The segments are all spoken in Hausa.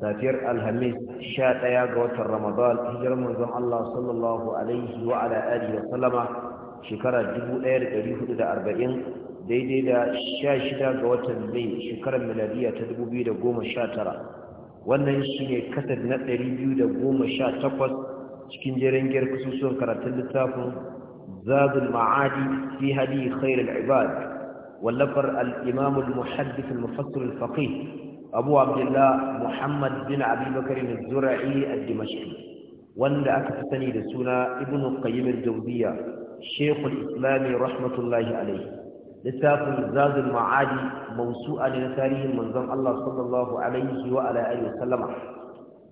safiyar alhamis sha ɗaya ga watan ramadan hijirar manzon Allah sallallahu alaihi wa ala alihi wa sallama shekara 1440 daidai da sha shida ga watan mai shekarar miladiya ta 2019 wannan ne kasar na 218 cikin jerin giyar kasusuwan karatun littafin zadul ma'adi fi hadi khairul ibad wallafar al-imam al-muhaddith al-mufassir al-faqih abu abdullah muhammad bin abi bakar az-zura'i ad-dimashqi wanda aka fi sani da suna ibn qayyim al-jawziyya shaykh al-islam rahmatullahi alayhi littafin zazul ma'adi mawsu'a ne na tarihin manzon Allah sallallahu alaihi wa ala alihi sallama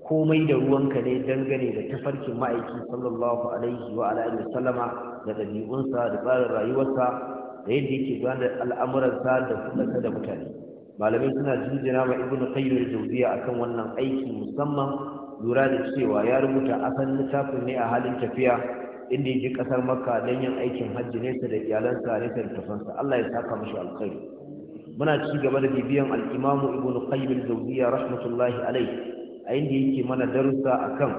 komai da ruwanka ne dangane da tafarkin ma'aikin sallallahu alaihi wa ala alihi sallama da dabi'unsa da tsarin rayuwarsa da yadda yake gudanar al'amuransa da kullata da mutane malamai suna jinjina ma ibn qayyim jawziya akan wannan aiki musamman lura da cewa ya rubuta akan littafin ne a halin tafiya inda yake kasar makka dan yin aikin hajji nesa da iyalansa nesa da tafansa Allah ya saka mashi alkhairi muna ci gaba da bibiyan al-imam ibn qayyim jawziya rahmatullahi alayhi a inda yake mana darussa akan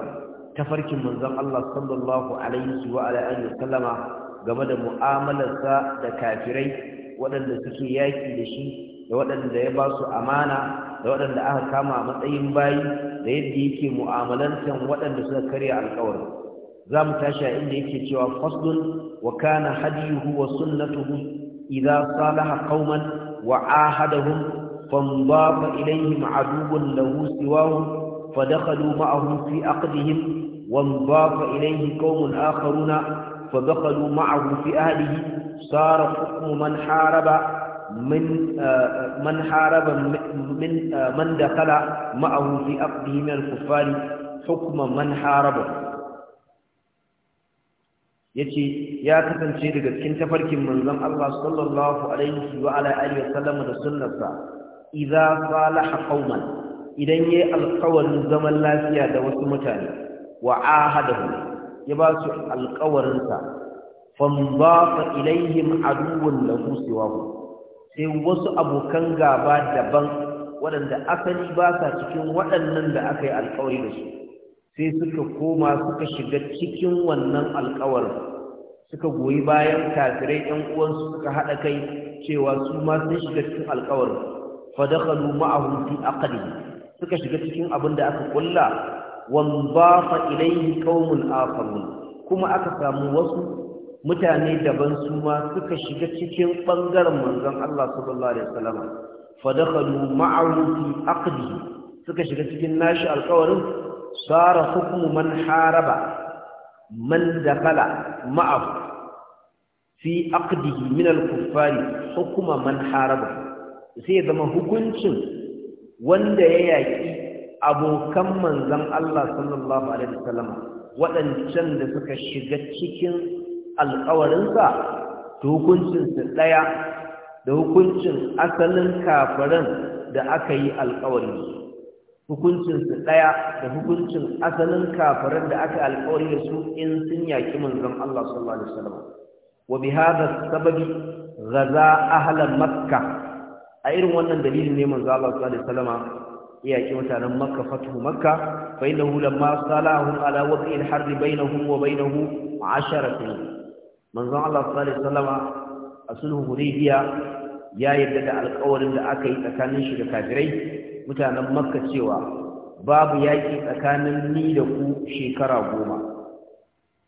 tafarkin manzon Allah sallallahu alaihi wa ala alihi sallama game da mu'amalarsa da kafirai waɗanda suke yaki da shi da waɗanda ya ba su amana da waɗanda aka kama a matsayin bayi da yadda yake mu'amalantan waɗanda suka karya alƙawari za mu tashi a inda yake cewa faslun wa kana hadiyuhu wa sunnatuhu idza salaha qauman wa ahadahum فانضاف إليهم عدو له سواه فدخلوا معه في عقدهم وانضاف إليه قوم آخرون فدخلوا معه في أهله صار حكم من حارب من من حارب من من دخل معه في عقده من الكفار حكم من حاربه yace ya kasance daga cikin tafarkin manzon Allah sallallahu alaihi wa ala alihi wasallam da sunnarsa idza salaha qauman idan yayi alƙawarin zaman lafiya da wasu mutane wa ahadahu ya ba su alƙawarin sa fa mudaf ilaihim aduwwun lahu siwahu sai wasu abokan gaba daban waɗanda asali ba sa cikin waɗannan da aka yi alkawari da su sai suka koma suka shiga cikin wannan alkawarin suka goyi bayan kafirai ‘yan uwansu suka haɗa kai cewa su ma sun shiga cikin alkawarin fadakalu ma'ahun fi aqali suka shiga cikin abin da aka kulla wan ba fa ilaihi qaumun akharun kuma aka samu wasu mutane daban su ma suka shiga cikin ɓangaren manzon Allah sallallahu alaihi wasallam fa dakhalu suka shiga cikin nashi alƙawarin sara hukmu man haraba man dakala ma'af. fi aqdihi min al-kuffari hukuma man haraba sai zama hukuncin wanda ya yaƙi abokan manzon Allah sallallahu alaihi wasallam waɗancan da suka shiga cikin alƙawarinsa to ɗaya da hukuncin asalin kafiran da aka yi alƙawari su hukuncinsu ɗaya da hukuncin asalin kafiran da aka alƙawari da su in sun yaƙi manzon Allah sallallahu wa bi hadha sababi ghaza ahla makka a irin wannan dalilin ne manzon Allah sallallahu alaihi wasallam iyaki mutanen makka fatuhu makka fa innahu lamma salahum ala wad'i al-harb bainahum wa bainahu 10 manzon Allah sallallahu alaihi a sulhu hudaybiya ya yarda da alƙawarin da aka yi tsakanin shi da kafirai mutanen makka cewa babu yaƙi tsakanin ni da ku shekara goma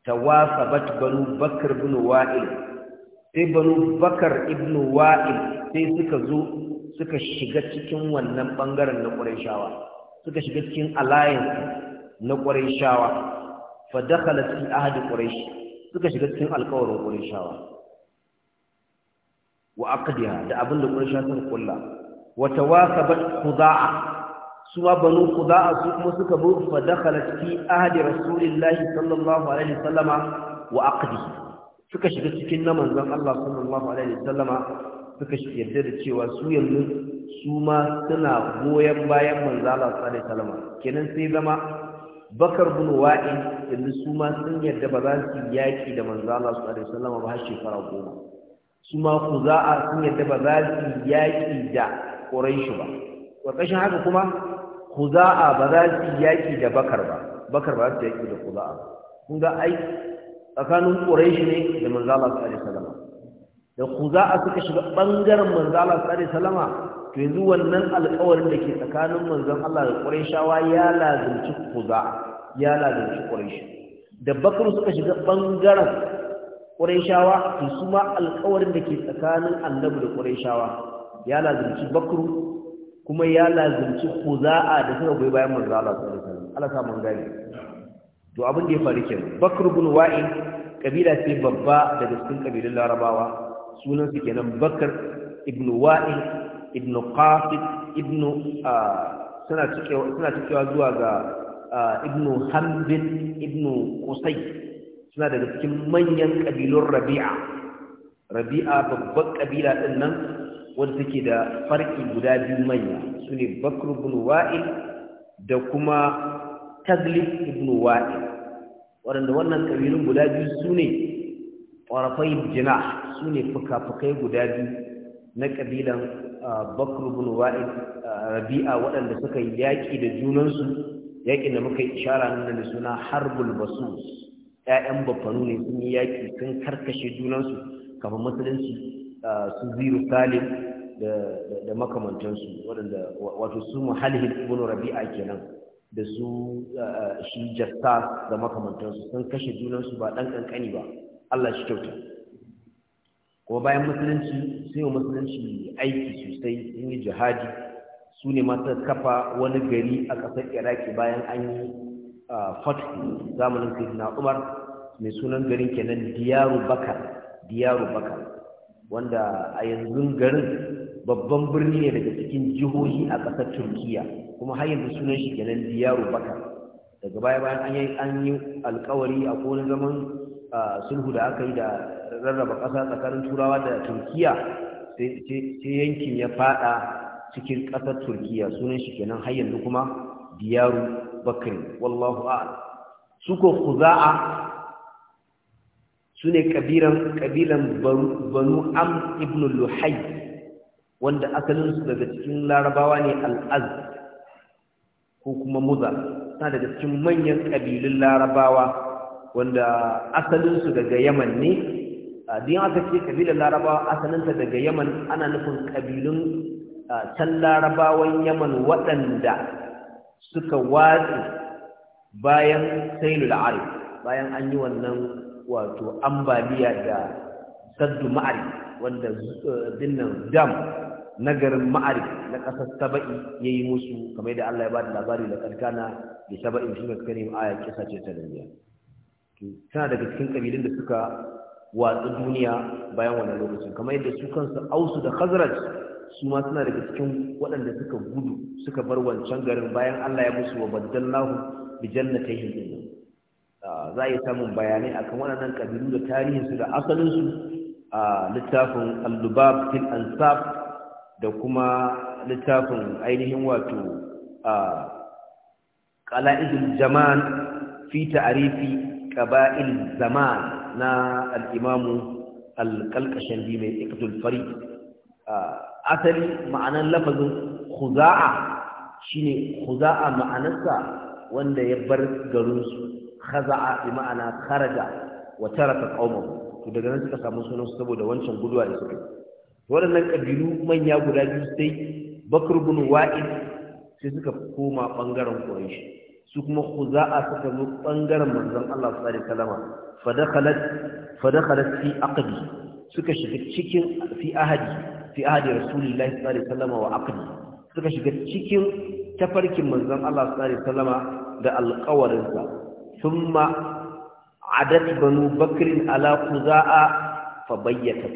tawasabat banu bakr ibn wa'il sai banu bakar ibn wa'il sai suka zo suka shiga cikin wannan bangaren na ƙurayshawa suka shiga cikin alliance na ƙurayshawa fa dakhala fi ahdi quraish suka shiga cikin alkawarin ƙurishawa wa aqdiha da abin da ƙurishawa sun kulla wata waka tawasabat khuda'a su ma banu khuda'a su kuma suka bu fa dakhalat fi ahdi rasulillahi sallallahu alaihi wasallama wa aqdi suka shiga cikin na manzon Allah sallallahu alaihi wasallama suka yarda da cewa su yanzu su ma suna goyen bayan manzon Allah sallallahu alaihi wasallama kenan sai zama bakar bin wa'in yanzu su ma sun yadda ba za su yaƙi da manzo Allah sallallahu alaihi wasallam ba har shekara goma su ma ku za a sun yadda ba za su yaƙi da quraishi ba ƙarƙashin haka kuma a ba za su yaƙi da bakar ba bakar ba za su yaƙi da za a kun ga ai tsakanin quraishi ne da manzo Allah sallallahu alaihi wasallam da a suka shiga bangaren manzo Allah sallallahu alaihi wasallam to yanzu wannan alƙawarin da ke tsakanin manzon Allah da Qurayshawa ya lazumci kuza ya lazumci Quraysh da Bakr suka shiga bangaren Qurayshawa to su ma alƙawarin da ke tsakanin Annabi da Qurayshawa ya lazumci Bakr kuma ya lazimci kuza'a da suka goyi bayan manzon Allah sallallahu alaihi wasallam Allah ta mun gani to abin da ya faru kenan Bakr ibn Wa'il kabila ce babba daga cikin kabilan Larabawa sunan su kenan Bakr ibn Wa'il ibn qasid ibn uh, suna cikewa suna cikewa zuwa ga uh, ibn hamdin ibn qusay suna daga cikin manyan kabilun rabi'a rabi'a babban kabila din nan wanda take da farki guda biyu manya sune bakr ibn wa'il da kuma taglib ibn wa'il waɗanda wannan kabilun guda biyu sune ƙwarafai jina sune fuka-fukai guda biyu na ƙabilan ah, bakr wa'id ah, rabi'a waɗanda suka yi yaƙi da junansu yaƙin da muka yi ishara nan da suna harbul basus ƴaƴan bafanu ne sun yi yaƙi sun karkashe junansu kafin musulunci ah, su ziru salim da makamantansu waɗanda wato su muhalli ibn rabi'a kenan da su shi jassas da makamantansu sun kashe junansu ba ɗan ƙanƙani ba Allah shi kyauta kuma bayan musulunci sun yi musulunci aiki sosai sun yi jihadi su ne masu kafa wani gari a ƙasar iraki bayan an yi fatu zamanin na umar mai sunan garin kenan diyaru bakar diyaru bakar wanda a yanzu garin babban birni ne daga cikin jihohi a ƙasar turkiya kuma har yanzu sunan shi kenan diyaru bakar daga baya bayan an yi alkawari a kowane zaman sulhu da aka yi da rarraba ƙasa tsakanin turawa da turkiya sai yankin ya fada cikin ƙasar turkiya sunan shi kenan har yanzu kuma diyaru bakri wallahu a'lam su ko su ne kabilan kabilan banu am ibn Luhai. wanda asalinsu daga cikin larabawa ne al ko kuma muza suna daga cikin manyan kabilun larabawa wanda asalinsu daga yaman ne ah, din aka ce kabilar larabawa, asalinta daga yaman ana nufin kabilun ah, can larabawan yaman waɗanda suka watsi bayan sailul arif bayan an yi wannan wato ambaliya da saddu ma'ari wanda eh, dinnan dam na garin ma'ari na ƙasar saba'i ya yi musu kamar da Allah ya ba labari da ƙarƙana da saba'in shi ga kare aya ta duniya tana daga cikin ƙabilun da suka watsa duniya bayan wannan lokaci. kamar yadda su kansu ausu da khazraj su ma suna daga cikin waɗanda suka gudu suka bar wancan garin bayan Allah ya musu wa baddallahu bi jannatayhi dinnan ah, za a yi samun bayanai akan waɗannan kabilu da tarihinsu da asalinsu a ah, littafin al dubab fil ansab da kuma littafin ainihin wato a ah, qala'idul jaman fi ta'arifi ƙaba'il zama na alimamu Alƙalƙashin biyu mai iqdul fari asali ma'anan lafazin shi shine huza'a ma'anarsa wanda ya bar garinsu su bi ma'ana kharaja wa taraka qaumahu to daga nan suka samu sunan saboda wancan guduwa da suka waɗannan kabilu manya guda biyu sai bakr ibn wa'id sai suka koma ɓangaren quraish su kuma khuza'a suka zo ɓangaren manzan Allah sallallahu alaihi wasallam fa dakhalat fi aqdi suka shiga cikin fi ahadi fi ahadi rasulillahi sallallahu alaihi wa aqdi suka shiga cikin tafarkin manzan Allah sallallahu alaihi wasallam da alƙawarin sa thumma adat banu bakirin ala khuza'a fa bayyata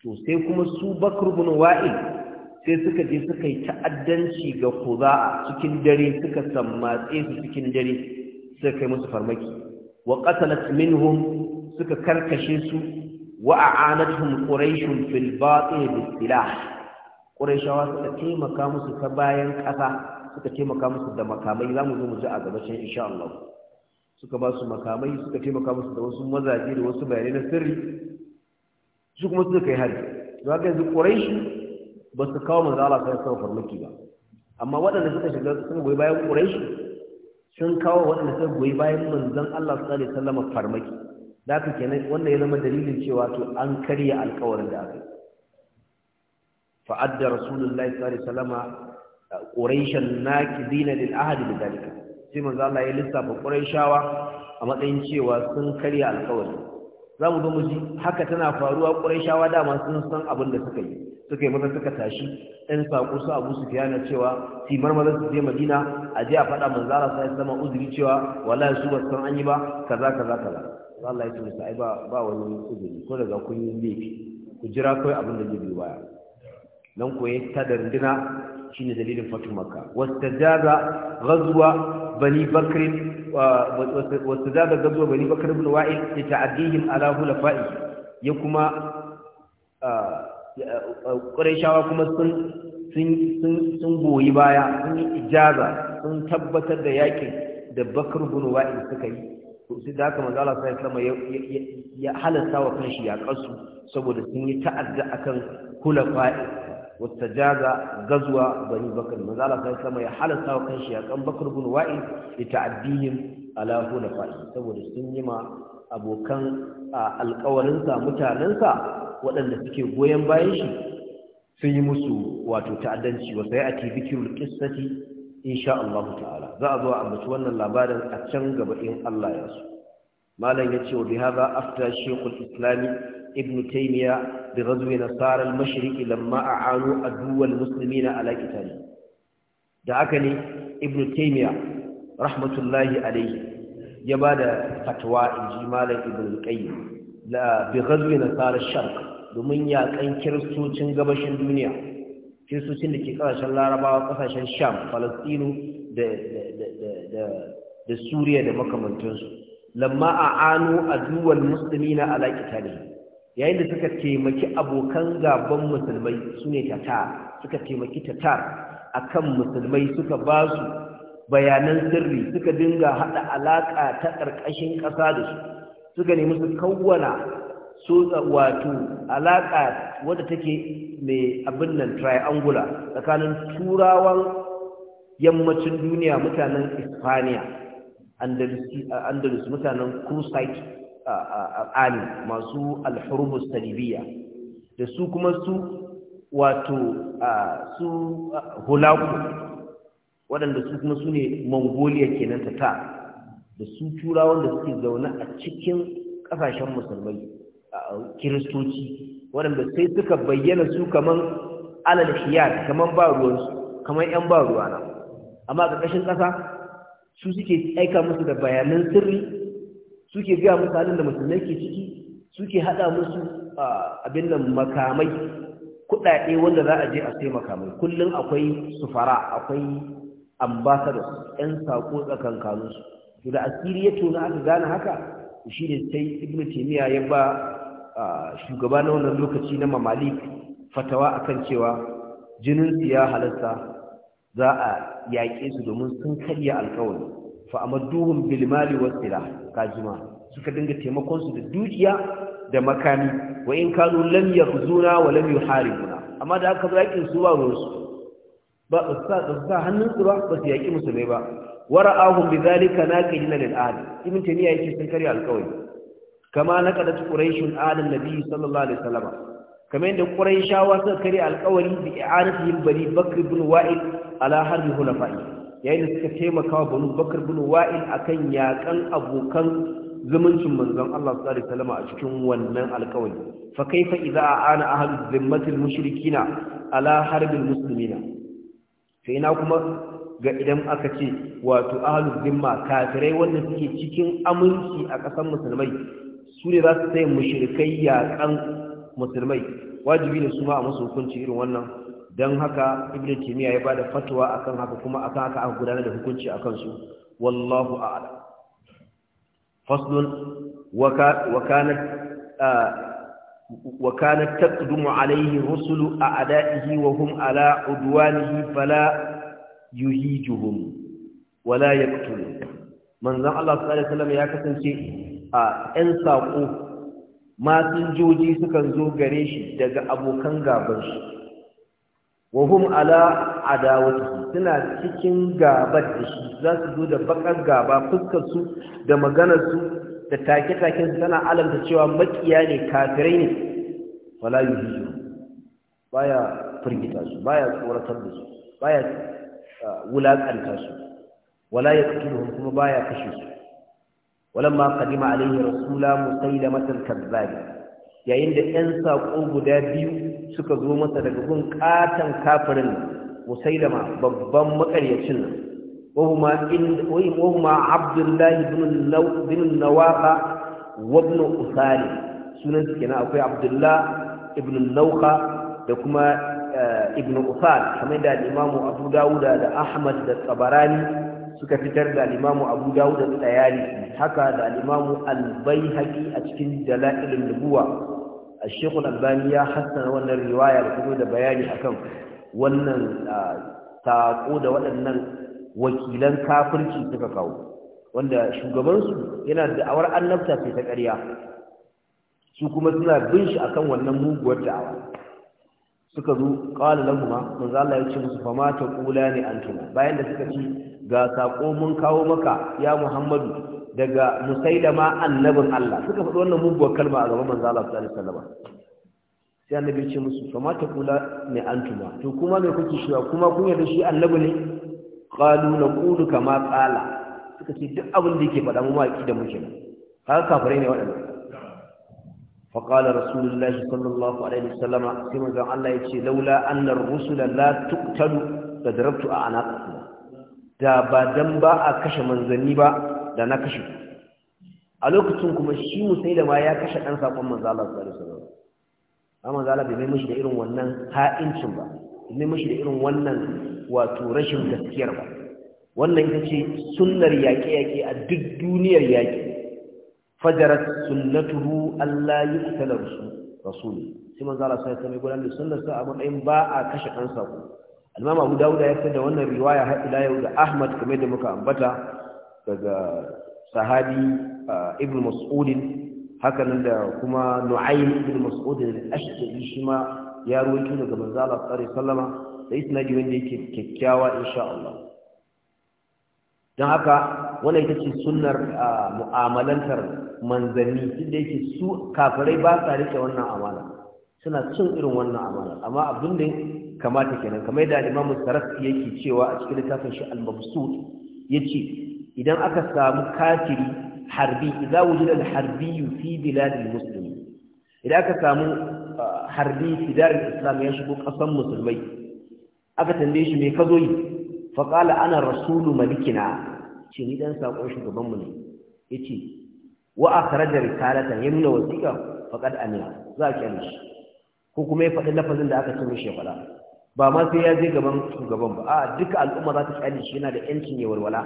to sai kuma su bakr ibn wa'il sai suka je suka yi ta'addanci ga kuza cikin dare suka sammatse su cikin dare suka kai musu farmaki wa qatalat minhum suka karkashe su wa a'anatuhum quraish fil batil bis silah quraishawa suka taimaka musu ta bayan kasa suka taimaka musu da makamai zamu zo mu ji a gabashin insha Allah suka ba su makamai suka taimaka musu da wasu mazaje da wasu bayanai na sirri su kuma suka kai hari zaka yanzu quraish ba su kawo manzo Allah sai sun farmaki ba amma waɗanda suka shiga sun goyi bayan Quraishi sun kawo waɗanda suka goyi bayan manzon Allah sallallahu alaihi wasallam farmaki da ka kenan wannan ya zama dalilin cewa to an karya alƙawarin da aka yi fa adda rasulullahi sallallahu alaihi wasallam uh, quraishan nakidina lil ahd bi dalika sai manzo Allah ya lissafa quraishawa a matsayin cewa sun karya alƙawarin. za mu zo mu ji haka tana faruwa shawa dama sun san abin da suka yi suka yi maza suka tashi ɗan saƙo su abu su fiyana cewa timar maza su je madina a je a faɗa manzara sa sama uzuri cewa wala su ba san an yi ba kaza kaza kaza Allah ya tuna sai ba ba wani uzuri ko daga kun yi laifi ku jira kawai abin da zai biyo baya nan koyi ta da rundina shine dalilin fatu makka wastajaza ghazwa bani bakr wastajaza ghazwa bani bakr ibn wa'il li ta'dihim ala hulafa'i ya kuma ƙurashawa kuma sun goyi baya sun yi ijaza sun tabbatar da yakin da bakar gunuwa in suka yi su da haka manzala sai sama ya halasta wa kanshi ya kasu saboda sun yi ta'adda akan hulafa wata jaza gazuwa bani bakar manzala sai sama ya halasta wa kanshi ya kan bakar gunuwa in ta'addihim ala hulafa saboda sun yi ma abokan alkawarinsa mutanensa waɗanda suke goyon bayan shi sun yi musu wato ta'addanci wa sai a ti bikirul qissati insha Allah ta'ala za a zo a ambaci wannan labarin a can gaba in Allah ya su. malam ce wa bihadha afta shaykhul islami ibn taymiya bi ghazwi nasara al-mashriq lamma a'anu adu muslimina ala qitali da haka ne ibn taymiya rahmatullahi alayhi ya ba da fatwa in ji malam ibn da la bi ghazwi shark, domin yaƙan kiristocin gabashin duniya kiristocin da ke ƙasashen larabawa ƙasashen sham falastinu da suriya da makamantansu lamma a anu musulmi na alaƙita ne yayin da suka taimaki abokan gaban musulmai su ne tatar suka taimaki tatar kan musulmai suka ba su bayanan sirri suka dinga haɗa alaƙa ta ƙarƙashin ƙasa da su suka nemi su kawwana su wato alaƙa wadda take mai abin nan triangular tsakanin turawan yammacin duniya mutanen ispaniya andalus mutanen crusade ali masu alhurmus talibiya da su kuma su wato su hulaku waɗanda su kuma su ne mongolia kenan ta ta da su turawan da suke zaune a cikin ƙasashen musulmai kiristoci waɗanda sai suka bayyana su kaman alal hiyar kaman ba ruwansu kaman yan ba na amma ƙarƙashin ƙasa su suke aika musu da bayanan sirri suke gaya musu halin da musulmai ke ciki suke haɗa musu abin nan makamai kuɗaɗe wanda za a je a sai makamai kullum akwai sufara akwai ambassador ɗan saƙo tsakankaninsu to da asiri ya tona aka gane haka shi ne sai ibn taymiya ya ba shugaba na wannan lokaci na mamalik fatawa akan cewa jinin su ya halatta za a yaƙe su domin sun karya alkawari fa amadduhum bil mali was silah kajima suka dinga taimakon su da dukiya da makami wa in kanu lam yakhzuna wa lam yuharibuna amma da aka zaƙin su ba ruwansu ba su sa hannunsu ba ba su yaƙi musulmai ba wara ahun bi zalika na ƙi na lil'ad ibn taymiya yake sun karya alƙawari kama na kada quraishun adan nabi sallallahu alaihi wasallam kama inda quraishawa suka karya alƙawari bi i'anatihim bani bakr ibn wa'il ala harbi hulafa'i yayin da suka taimaka wa banu bakr ibn wa'il akan yaƙan abokan zumuncin manzon Allah sallallahu alaihi wasallam a cikin wannan alƙawari fa kaifa idza ana ahlul zimmatil mushrikina ala harbil muslimina sai na kuma ga idan aka ce wato ahlul zimma kafirai wanda suke cikin aminci a ƙasar musulmai su ne za su sai mushrikai yaƙan musulmai wajibi ne su ma a musu hukunci irin wannan don haka ibn timiya ya bada fatwa akan haka kuma akan haka aka gudanar da hukunci a kansu wallahu a'lam faslun wa kanat ah, Wakanattakudun wa'alaihin, rasuluhu, a Adaa'ihin, Wahun'ala, Adawanihi, Bala, Yuhi, Juhum. Wala ya kutu ne. Man Allah S.A.W. ya kasance a 'yan saƙo. Matanjoji sukan zo gare shi daga abokan gaban shi. Wahun'ala Adawanki suna cikin gabar da shi za su zo da baƙar gaba fuska su da maganarsu da take-taken su alamta cewa makiya ne kafirai ne wala yi ba ya firgita su ba ya tsoratar da su ba baya ah, wulakanta su wala ya yaqtuluhum kuma ba ya kashe su walamma qadima alaihi rasula musailama al-kazzab yayin da 'yan sako guda biyu suka zo masa daga gun katan kafirin ma, babban makaryacin nan وهما ان bin عبد الله بن اللو بن akwai وابن اثاري سنن كنا اخوي عبد الله ابن اللوقه وكما ابن اثار كما ده الامام ابو suka fitar da limamu abu dawud da tsayari haka da limamu albayhaqi a cikin dalailin nubuwa a shekul albani ya hassana wannan riwaya da kuma da bayani akan wannan saƙo da waɗannan wakilan kafirci suka kawo wanda shugabansu yana da da'awar annabta sai ta ƙarya su kuma suna bin shi akan wannan muguwar da'awa suka zo qala lahum manzo Allah ya ce musu fa ma ne antum bayan da suka ci ga sako mun kawo maka ya Muhammadu daga musailama annabin Allah suka faɗi wannan muguwar kalma a gaban manzo Allah sallallahu alaihi wasallam sai annabi ya ce musu fa ma ne antum to kuma me kuke shi kuma kun yarda shi annabi ne qalu naqulu kama qala suka ce duk abin da yake faɗa mu ma aqida muke haka kafirai ne waɗannan fa qala rasulullahi sallallahu alaihi wasallam sai manzon Allah yace laula anna ar-rusula la tuqtalu da darabtu a anaqakum da ba dan ba a kashe manzanni ba da na kashe a lokacin kuma shi ma ya kashe dan sakon manzo Allah sallallahu alaihi wasallam amma zalabi bai mai mishi da irin wannan ha'incin ba bai mishi da irin wannan wato rashin gaskiyar ba wannan ita ce sunnar yaƙe-yaƙe a duk duniyar yaƙi fajarat sunnatuhu Allah yi kusalar su rasulu sai manzo Allah sai sami gudanar da sunnar sa a matsayin ba a kashe ɗan sako al-imam Abu Dawud ya fitar da wannan riwaya har ila yau da Ahmad kamar da muka ambata daga sahabi Ibn Mas'ud haka nan da kuma Nu'aym Ibn Mas'ud al-Ashqi shi ma ya ruwaito daga manzo Allah sallallahu alaihi da isnadi wanda yake kyakkyawa insha Allah don haka wannan ita ce sunnar mu'amalantar manzanni duk yake su kafirai ba sa rike wannan amana suna cin irin wannan amana amma abin da kamata kenan kamar da Limamin Sarafi yake cewa a cikin littafin shi Al-Mabsut yace idan aka samu kafiri harbi idza wujida al-harbi fi bilad al-muslimin idan aka samu harbi fi dar al-islam ya shigo kasan musulmai aka tambaye shi me ka zo yi fa qala ana rasulu malikina shi ni dan shi shugaban mu ne yace wa akhraja risalatan yamna wasiqa faqad amina za a yi shi ko kuma ya faɗi lafazin da aka ce mishi ya faɗa ba ma sai ya je gaban shugaban ba a duka al'umma za ta kyale shi yana da yancin ya walwala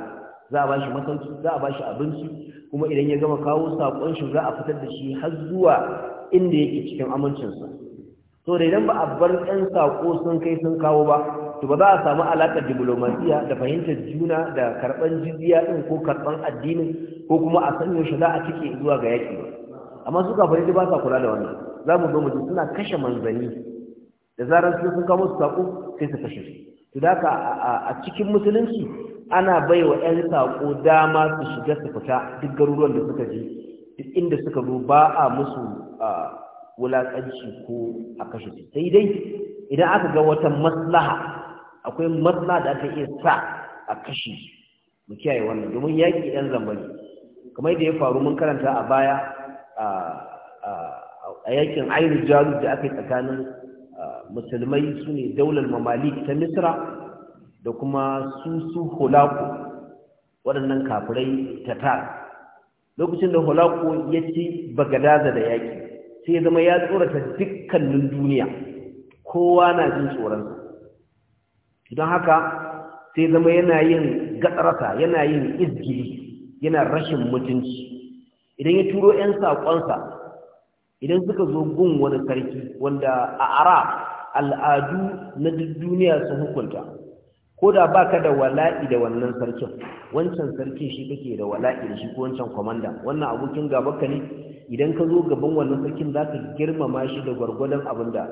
za a bashi masauki za a bashi abinci kuma idan ya gama kawo sakon shi za a fitar da shi har zuwa inda yake cikin amincinsa to da idan ba a bar ɗan sako sun kai sun kawo ba to ba za a samu alaƙar diplomasiya da fahimtar juna da karɓar jiziya din ko karɓar addinin ko kuma a san shi za a cike zuwa ga yaƙi ba amma su kafirai ba sa kula da wannan za mu zo mu ji suna kashe manzanni da zarar sun sun kawo su saƙo sai su kashe su to da haka a cikin musulunci ana bai wa 'yan saƙo dama su shiga su fita duk garuruwan da suka je duk inda suka zo ba a musu wulaƙanci ko a kashe sai dai idan aka ga wata maslaha akwai matsala da aka iya sa a kashi mu kiyaye wannan domin yaƙi ɗan zamba ne kamar yadda ya faru mun karanta a baya a yakin ainihin jaru da aka yi tsakanin musulmai su ne daular mamalik ta misra da kuma su su hulaku waɗannan kafirai ta lokacin da hulaku ya ci bagadaza da yaƙi sai ya zama ya tsorata dukkanin duniya kowa na jin tsoronsa don haka sai zama yana yin gatsarsa yana yin izgiri yana rashin mutunci idan ya turo 'yan saƙonsa idan suka zo gun wani sarki wanda a ara al'adu na duniya sun hukunta ko da ba ka da wala'i da wannan sarkin wancan sarkin shi kake da wala'i da shi ko wancan kwamanda wannan abokin gabanka ne idan ka zo gaban wannan sarkin za ka girmama shi da gwargwadon abin da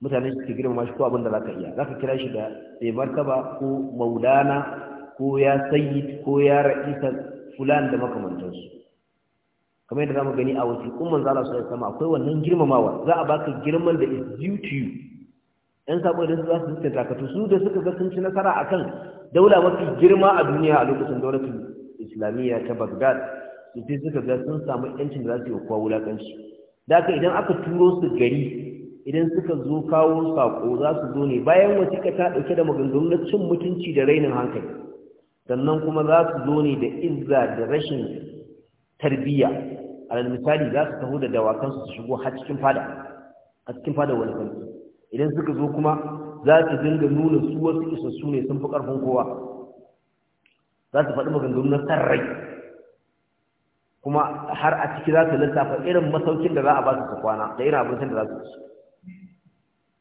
mutane su girmama shi ko abin da ka iya Za ka kira shi da mai martaba ko maulana ko ya sayi ko ya ra'isa fulan da makamantansu kamar yadda zamu gani a wasu manzo Allah sallallahu alaihi sama, akwai wannan girmamawa za a baka girman da is due to you ɗan sabo da su za su suka takatu su da suka ga sun ci nasara kan daula mafi girma a duniya a lokacin daulatul islamiyya ta Bagdad, su sai suka ga sun samu yancin da za su yi wa kowa wulakanci da idan aka turo su gari idan suka zo kawo sako za su zo ne bayan wasiƙa ta ɗauke da maganganu na cin mutunci da rainin hankali sannan kuma za su zo ne da izza da rashin tarbiyya alal misali za su taho da dawakan su shigo har cikin fada a cikin fada wani sarki idan suka zo kuma za su dinga nuna su wasu isassu ne sun fi ƙarfin kowa za su faɗi maganganu na sarrai kuma har a ciki za su lissafa irin masaukin da za a ba su kwana da irin abincin da za su ci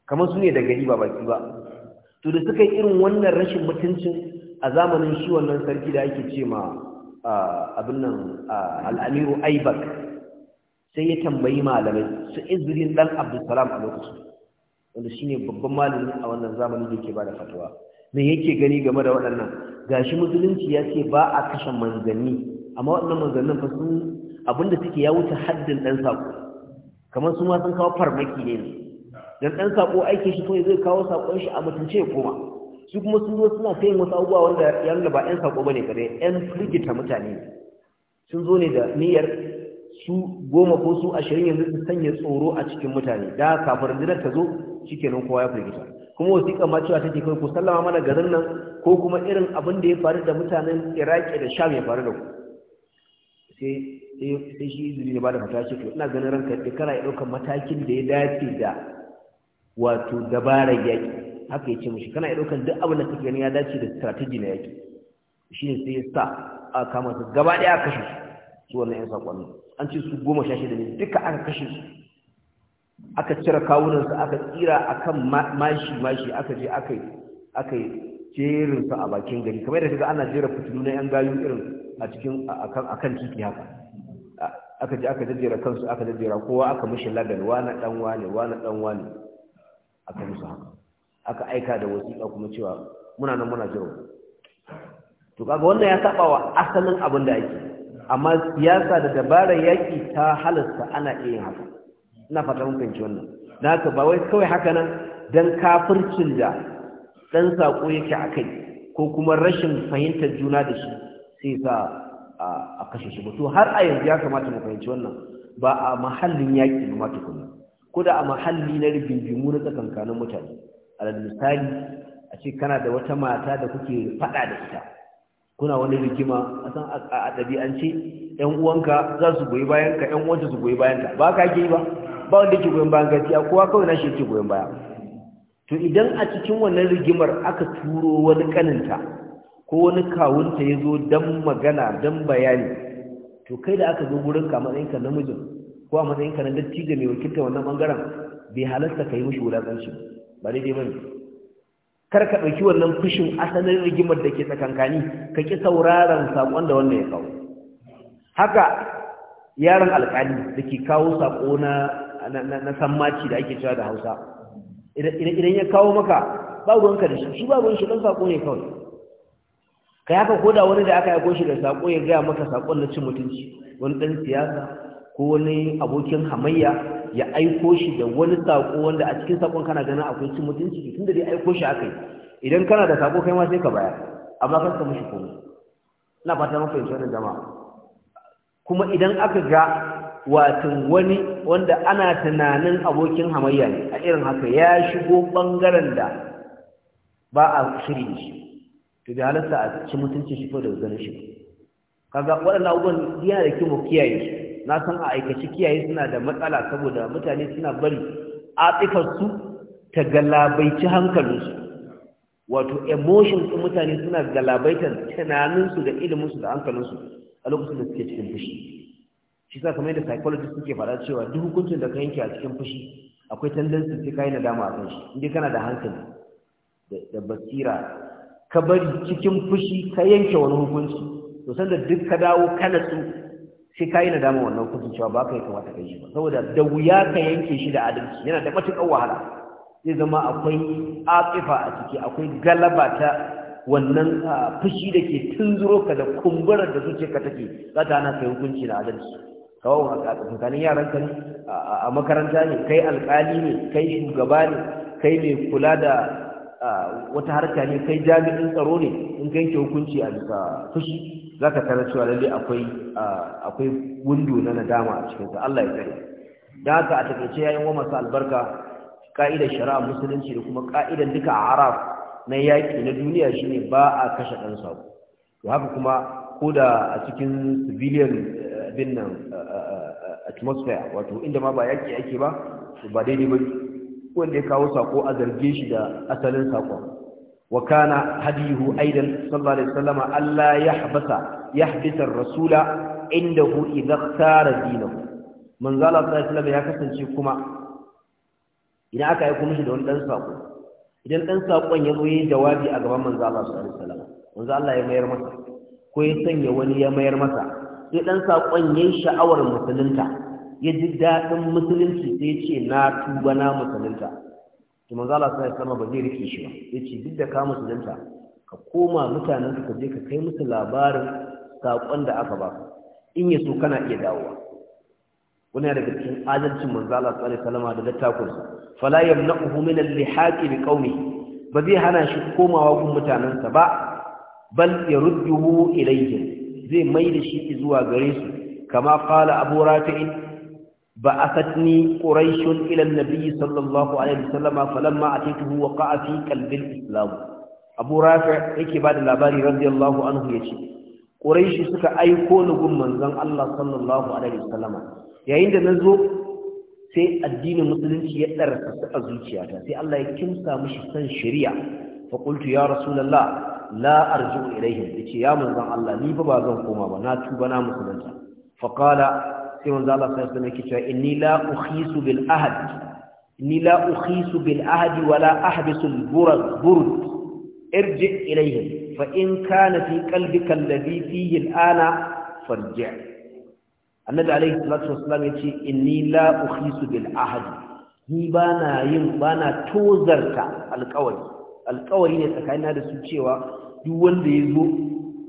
kamar su ne da gari ba baki ba to da suka yi irin wannan rashin mutuncin a zamanin shi wannan sarki da ake ce ma abin nan al'amiru aibak sai ya tambayi malamai su izirin dan abdulsalam a lokacin wanda shi ne babban malami a wannan zamanin da ke ba da fatawa me yake gani game da waɗannan gashi musulunci ya ce ba a kashe manzanni amma waɗannan manzannin fa sun abinda suke ya wuce haddin ɗan sako kamar su ma sun kawo farmaki ne dan dan sako aikin shi kawai zai kawo sakon shi a mutunce ya koma su kuma sun zo suna kai wasu abubuwa wanda yanga ba ɗan sako bane kare ɗan firgita mutane sun zo ne da niyyar su goma ko su ashirin yanzu su sanya tsoro a cikin mutane da kafin rundunar ta zo cike nan kowa ya firgita kuma wasu wasiƙa ma cewa take kai ku sallama mana garin nan ko kuma irin abin da ya faru da mutanen iraki da sham ya faru da ku sai sai shi izini ne ba da fata ce to ina ganin ranka da kana ya ɗaukar matakin da ya dace da wato dabarar yaƙi haka ya ce mashi kana iya ɗaukar duk abin da kake ganin ya dace da strategy na yaƙi shi ne sai ya sa a kama su gaba ɗaya a kashe su su wannan 'yan saƙonni an ce su goma sha shida ne duka aka kashe su aka cire kawunan su, aka tsira akan mashi mashi aka je aka yi aka yi jerin su a bakin gari kamar da kaga ana jera fitilu na yan gayu irin a cikin akan akan titi haka aka je aka jajjera kansu aka jajjera kowa aka mishi ladan wani dan wani wani dan wani aka musu haka aka aika da wasiƙa kuma cewa muna nan muna jiro to kaga wannan ya saba wa asalin abin da yake amma siyasa da dabarar yaki ta halasta ana iya haka ina fata mun fahimci wannan dan haka ba wai kawai haka nan dan kafircin da dan sako yake akai ko kuma rashin fahimtar juna da shi sai sa a kashe shi ba. to har a yanzu ya kamata mu fahimci wannan ba a mahallin yaki ba ma tukunna ko da a mahalli na rigingimu na tsakankanin mutane alal misali a ce kana da wata mata da kuke faɗa da ita kuna wani rigima a san a ɗabi'ance ‘yan uwanka za su goyi bayan ka ‘yan uwanta su goyi bayan ka ba ka ke ba ba wanda ke goyon bayan gaskiya kowa kawai na shi ke goyon baya to idan a cikin wannan rigimar aka turo wani kaninta ko wani kawunta ya zo don magana don bayani to kai da aka zo gurin ka ɗinka namijin ko amma matsayin ka na dattijo mai wakilta wannan bangaren bai halarta ka yi mishi wulaƙanci ba daidai ba ne kar ka ɗauki wannan fushin asalin rigimar da ke tsakankani ka ƙi sauraron saƙon da wanda ya kawo haka yaron alƙali da ke kawo saƙo na sammaci da ake cewa da hausa idan ya kawo maka ba ruwanka da shi shi ba ruwan shi ɗan saƙo ne kawai ka yi haka koda wani da aka yako shi da saƙo ya gaya maka saƙon na cin mutunci wani ɗan siyasa ko wani abokin hamayya ya aiko shi da wani sako wanda a cikin sakon kana ganin akwai cin mutunci tunda dai aiko shi aka yi idan kana da sako kai ma sai ka bayar amma kanka mishi komai ina fata mafi yanzu wannan jama'a kuma idan aka ga wato wani wanda ana tunanin abokin hamayya ne a irin haka ya shigo bangaren da ba a shiri shi to da halarsa a cin mutunci shi ko da ganin shi kaga waɗannan abubuwan yana da kyau mu kiyaye na san a aikace kiyaye suna da matsala saboda mutane suna bari atifarsu ta galabaici hankalinsu wato emotions ɗin mutane suna galabaitar tunaninsu da iliminsu da hankalinsu a lokacin da suke cikin fushi shi sa kamar yadda psychologist suke faɗa cewa duk hukuncin da ka yanke a cikin fushi akwai tendency sai ka yi nadama a kan shi inda kana da hankali da basira ka bari cikin fushi ka yanke wani hukunci to sanda duk ka dawo kana tsu sai ka yi nadama wannan hukuncin cewa ba ka yi kamata ka yi shi ba saboda da wuya ka yanke shi da adalci yana da matuƙar wahala zai zama akwai aƙifa a ciki akwai galaba ta wannan fushi da ke tunzuro ka da kumburar da zuciya ka take za ta hana kai hukunci da adalci kawo a tsakanin yaran ka a makaranta ne kai alƙali ne kai shugaba ne kai mai kula da wata harka ne kai jami'in tsaro ne in ka ke hukunci a bisa fushi za ka tara cewa lalle akwai akwai wundo na nadama a sa Allah ya kare da haka a takaice yayin wa masu albarka ka'idar shari'a musulunci da kuma ka'idar duka a arab na yaƙi na duniya shine ba a kashe ɗan sa to haka kuma ko da a cikin civilian eh, bin nan eh, eh, atmosphere wato inda ma ba yaƙi ake ba ba daidai ba wanda ya kawo sako a zarge shi da asalin sakon wa kana hadihu aidan sallallahu alaihi wasallam Allah yahbasa yahbisa rasula indahu idza ikhtara dinahu manzo Allah sallallahu alaihi ya kasance kuma idan aka aika mishi da wani dan sako idan dan sakon ya zo yayin jawabi a gaban manzo Allah sallallahu alaihi wasallam manzo Allah ya mayar masa ko ya sanya wani ya mayar masa sai dan sakon yayin sha'awar musulunta ya ji daɗin musulunci sai ce na tuba na musulunta to za Allah sai sama ba zai rike shi ba ce duk da ka musulunta ka koma mutanen ka je ka kai musu labarin saƙon da aka ba in ya so kana iya dawowa Wani daga cikin adalcin manzo Allah sallallahu da littafin fala yamna'uhu min al-lihaqi bi ba zai hana shi komawa gun mutanensa ba bal yarudduhu ilayhim zai mai da shi zuwa gare su kama fala abu rafi'in ba'athatni quraishun ila an-nabiy sallallahu alayhi wa sallam falamma atituhu waqa'a fi qalbi al-islam abu rafi' yake bada labari radiyallahu anhu yace quraishi suka aiko ni gun manzon Allah sallallahu alayhi wa sallam yayin da na zo sai addinin musulunci ya darasa a zuciyata sai Allah ya kimsa mishi san shari'a fa qultu ya rasulullah la arju ilayhi yace ya manzon Allah ni fa ba zan koma ba na tuba na musulunta fa sai manzo Allah sallallahu alaihi wasallam inni la ukhisu bil ahad inni la ukhisu bil ahad wa ahbisu al burad irji ilayhi fa in kana fi qalbika alladhi fihi al ana farji annabi alaihi salatu wasallam yace inni la ukhisu bil ahad ni bana yin bana tozarta alƙawari alƙawari ne tsakanina da su cewa duk wanda ya zo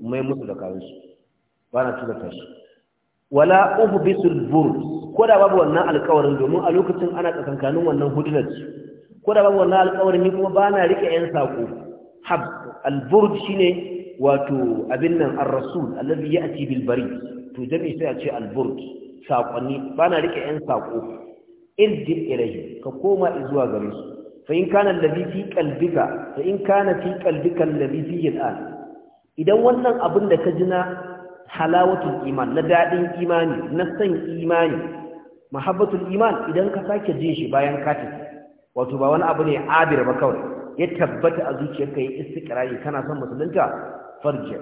mai musu da tozarta shi wala uhbisul burs ko da babu wannan alƙawarin domin a lokacin ana tsakankanin wannan hudunar ko da babu wannan alƙawarin ni kuma bana rike yan sako hab al-burj shine wato abin nan ar-rasul allazi ya'ti bil bari to jami sai a ce al-burj sakonni bana rike yan sako irji ilayhi ka koma zuwa gare su fa in kana allazi fi qalbika fa in kana fi qalbika allazi fi al idan wannan abin da ka jina halawatul iman na daɗin imani na san imani mahabbatul iman idan ka sake jin shi bayan ka wato ba wani abu ne abir ba kawai ya tabbata a zuciyarka ya istiqrari kana son musulunta farje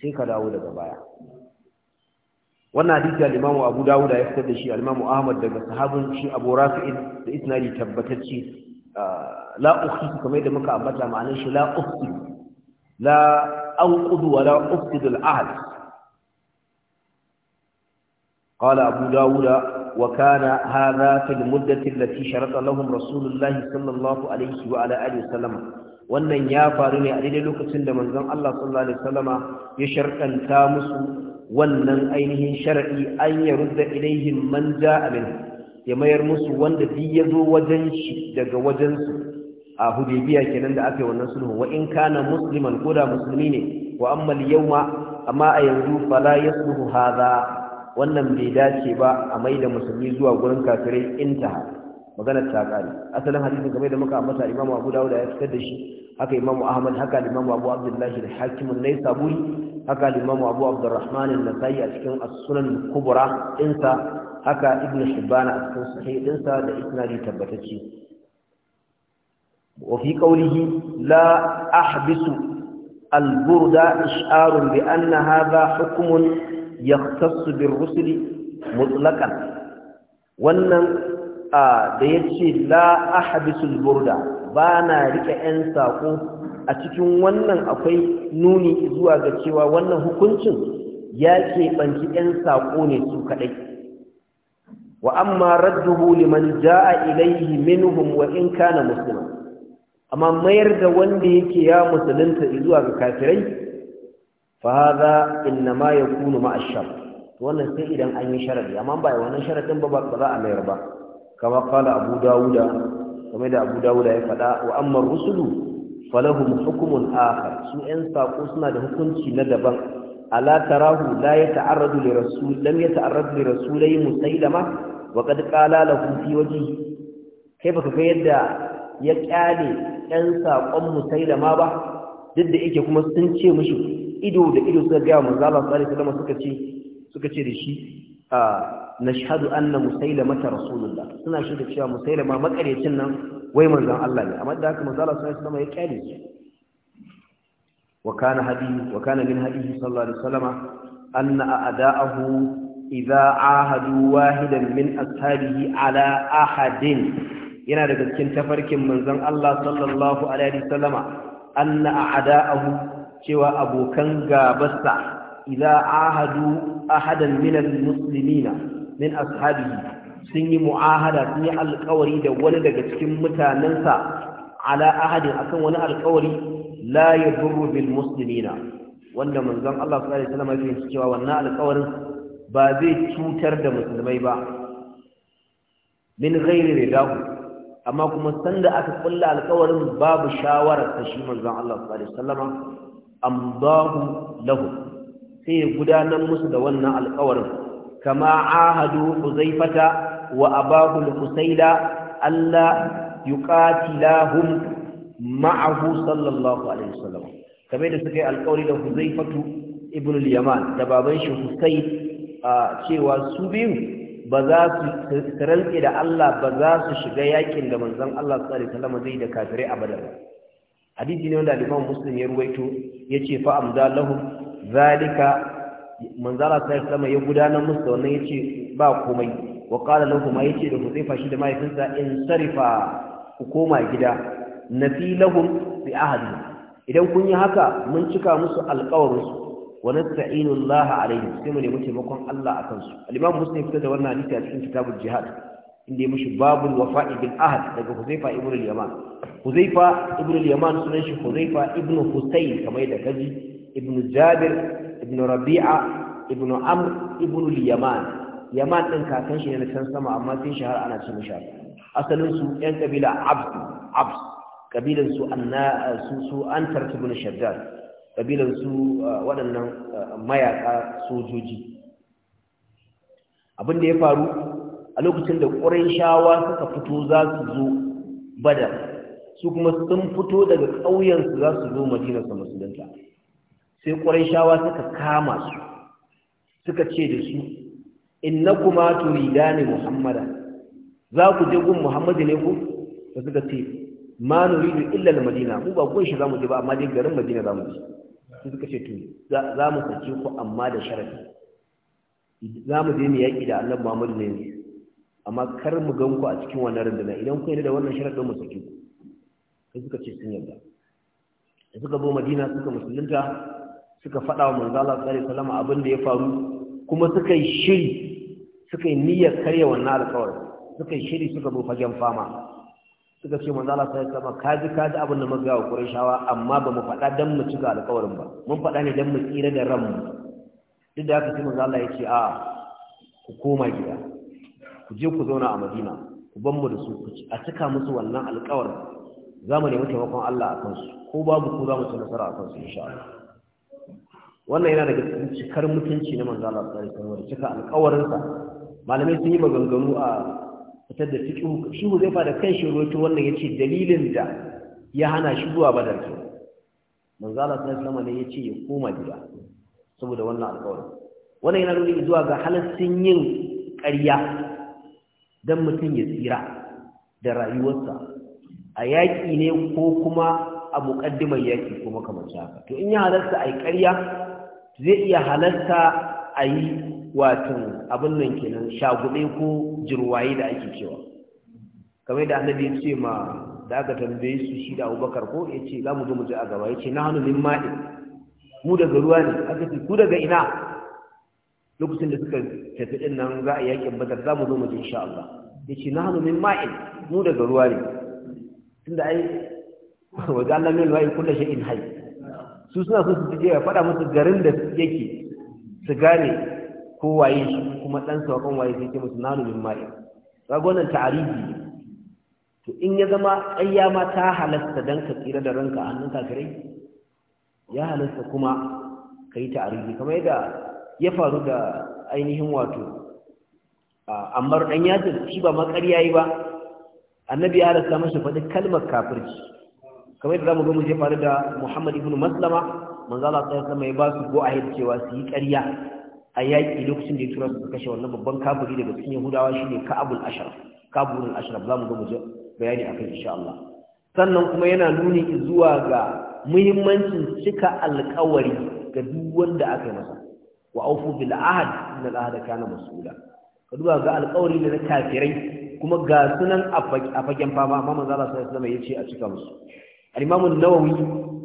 sai ka dawo daga baya wannan hadisi al-Imam Abu Dawud ya fitar da shi al-Imam Ahmad daga sahabin shi Abu Rafi'in da isnadi tabbatacce la ukhsi kuma yadda muka ambata ma'anar shi la ukhsi la anqudu wa la al-ahd قال أبو داود وكان هذا في المدة التي شرط لهم رسول الله صلى الله عليه وعلى آله وسلم wannan ya faru ne a daidai lokacin da manzon Allah sallallahu alaihi wasallama ya sharkanta musu wannan ainihin shar'i an ya rudda ilaihim man ja'a min ya mayar musu wanda duk ya zo wajen shi daga wajen su a Hudaybiya kenan da aka yi wannan sulhu wa in kana musliman ko da musulmi ne wa amma al-yawma amma a yanzu fala yasluhu hadha wannan bai dace ba a mai da musulmi zuwa gurin kafirai intaha maganar ta kare asalin hadisin game da muka ambata imamu abu dawud ya fitar da shi haka imamu ahmad haka imamu abu abdullahi da hakimun nai saburi haka imamu abu abdurrahman an-nasai a cikin as-sunan kubra insa haka ibnu hibban a cikin sahih dinsa da isnadi tabbatacce wa fi qawlihi la ahbisu al-burda ish'arun bi anna hadha hukmun yahtassu bir rusuli mutlaqan wannan da yace la ahbisul burda bana rike yan sako a cikin wannan akwai nuni zuwa ga cewa wannan hukuncin ya ke yan sako ne su kadai wa amma radduhu liman jaa ilaihi minhum wa in kana musliman amma mayar da wanda yake ya musulunta zuwa ga kafirai fa hadha inma yakunu ma ashar wannan sai idan an yi sharadi amma ba wannan sharadin ba ba za a mayar ba kama qala abu dauda kamar da abu Dawuda ya faɗa wa amma rusulu falahum hukmun akhar su yan sako suna da hukunci na daban ala tarahu la yata'arradu li rasul lam yata'arradu li rasulai musailama wa qad qala lahu fi wajhi kai baka ga yadda ya kyale yan sakon musailama ba duk da yake kuma sun ce mishi ido da ido suka gaya manzo Allah sallallahu alaihi suka ce suka ce da shi nashhadu anna musailamata rasulullah suna shaida cewa musailama makarecin nan wai manzon Allah ne amma da haka manzo Allah sallallahu alaihi wasallam ya kyale shi wa kana hadihi wa kana min hadihi sallallahu alaihi wasallam anna a'da'ahu idza ahadu wahidan min ashabihi ala ahadin yana daga cikin tafarkin manzon Allah sallallahu alaihi wasallama anna a'da'ahu cewa abokan gabasa idza ahadu ahadan min almuslimina min ashabihi sun yi mu'ahada sun yi alƙawari da wani daga cikin mutanensa ala ahadin akan wani alƙawari la yadurru bil muslimina wanda manzon Allah sallallahu alaihi wasallam ya cewa wannan alƙawarin ba zai cutar da musulmai ba min ghairi ridahu amma kuma sanda aka kulla alƙawarin babu shawarar ta shi manzon Allah sallallahu alaihi wasallama amdahu lahu sai gudanar musu da wannan alƙawarin kama ahadu huzaifata wa abahu al-husaila alla yuqatilahum ma'ahu sallallahu alaihi wasallam kamar da suka yi alƙawari da huzaifatu ibn al-yaman da baban shi husayn a cewa su biyu ba za su rantse da Allah ba za su shiga yakin da manzon Allah sallallahu alaihi wasallam zai da kafirai abada ba hadisi ne wanda alimamu Muslim ya ruwaito yace fa lahun zalika manzara ta yi sama ya gudanar musu da wannan ce ba komai wa ma ya ce da ku zai shi da mahaifinsa in sarifa ku koma gida Na fi lahun bi ahadi idan kun yi haka mun cika musu alƙawarinsu wani wa nasta'inu Allah alaihi sai mu nemi taimakon Allah a kansu. al Muslim fitar da wannan hadisi a cikin kitabul jihad inda ya mushi babul wafa'i bil ahad daga Huzaifa ibn al-Yaman huzaifa ibn al-yaman sunan shi huzaifa ibn husayn kamar da kaji ibn jabir ibn rabi'a ibn amr ibn al-yaman yaman din kakan shi ne na can sama amma sai shahara ana ce mishi asalin su yan kabila abd abd kabilan su anna su su an na shaddad kabilan su uh, waɗannan uh, mayaka sojoji abin da ya faru a lokacin da ƙurai shawa suka fito za su zo badar su kuma sun fito daga su za su zo madina su musulunta sai shawa suka kama su suka ce da su inna kuma turida ne muhammada za ku je gun muhammadu ne ku da suka ce ma nuridu illa na madina mu ba kun shi za mu je ba amma dai garin madina za mu je su suka ce to za mu sace ku amma da sharafi za mu je mu yaƙi da annabi muhammadu ne amma kar mu gan ku a cikin wannan rundunar idan ku yi da wannan sharafin mu sake ku sai suka ce sun yarda da suka zo madina suka musulunta suka faɗa wa manzo Allah sallallahu alaihi wasallam abin da ya faru kuma suka yi shiri suka yi niyyar karya wannan alƙawarin suka yi shiri suka zo fagen fama suka ce manzo Allah sallallahu alaihi wasallam kaji kaji abin da muka ga wa Qurayshawa amma ba mu faɗa dan mu cika alƙawarin ba mun faɗa ne dan mu tsira da ranmu duk da haka sai manzo Allah ya ce a ku koma gida ku je ku zauna a Madina ku ban mu da su a cika musu wannan alƙawarin za mu nemi taimakon Allah a kansu ko babu ku za mu ci nasara a kansu insha Allah wannan yana daga cikin cikar mutunci na manzo Allah sallallahu alaihi wasallam cika alƙawarinsa malamai sun yi maganganu a fitar da fiqh shi Huzaifa kan shi roto wannan yace dalilin da ya hana shi zuwa Badar ke manzo Allah sallallahu alaihi wasallam yace ya koma gida saboda wannan alƙawarin wannan yana nuni zuwa ga halaccin yin ƙarya dan mutum ya tsira da rayuwarsa a yaƙi ne ko kuma a muƙaddimar yaƙi ko makamanci haka to in ya halarta a yi ƙarya zai iya halarta a yi watan abin nan kenan shaguɗe ko jirwaye da ake cewa kamar da annabi ya ce ma da aka tambaye su shi da abubakar ko ya ce za mu zo mu je a gaba ya ce na hannu min ma'i mu daga ruwa ne aka ce ku daga ina lokacin da suka tafi ɗin nan za a yaƙin badar za mu zo mu je insha Allah ya ce na hannu min ma'i mu daga ruwa ne tunda ai wa Allah mai al-ma'i shi in hai su suna so su je ya faɗa musu garin da yake su gane ko waye shi kuma dan sawakan waye shi ke musu nanu min ma'i kaga wannan ta'arifi to in ya zama ƙarya ma ta halasta dan ka tsira da ranka hannun kare, ya halasta kuma kai ta'arifi kamar yadda ya faru da ainihin wato Ammar dan yajin shi ba ma yi ba annabi ya rasa mashi faɗi kalmar kafirci kamar yadda zamu ga mu je faru da Muhammad ibn Maslama manzo Allah sallallahu alaihi wasallam ya ba su go ahead cewa su yi ƙarya a yaƙi lokacin da ya tura su kashe wannan babban kafiri daga cikin Yahudawa shine Ka'abul Ashraf Ka'abul Ashraf zamu ga mu je bayani akan insha Allah sannan kuma yana nuni zuwa ga muhimmancin cika alƙawari ga duk wanda aka yi masa wa aufu bil ahad innal ahada kana mas'ula ka duba ga alƙawari da na kafirai kuma ga sunan a fagen fama amma manzo Allah sallallahu alaihi wasallam yace a cika musu al-Imam an-Nawawi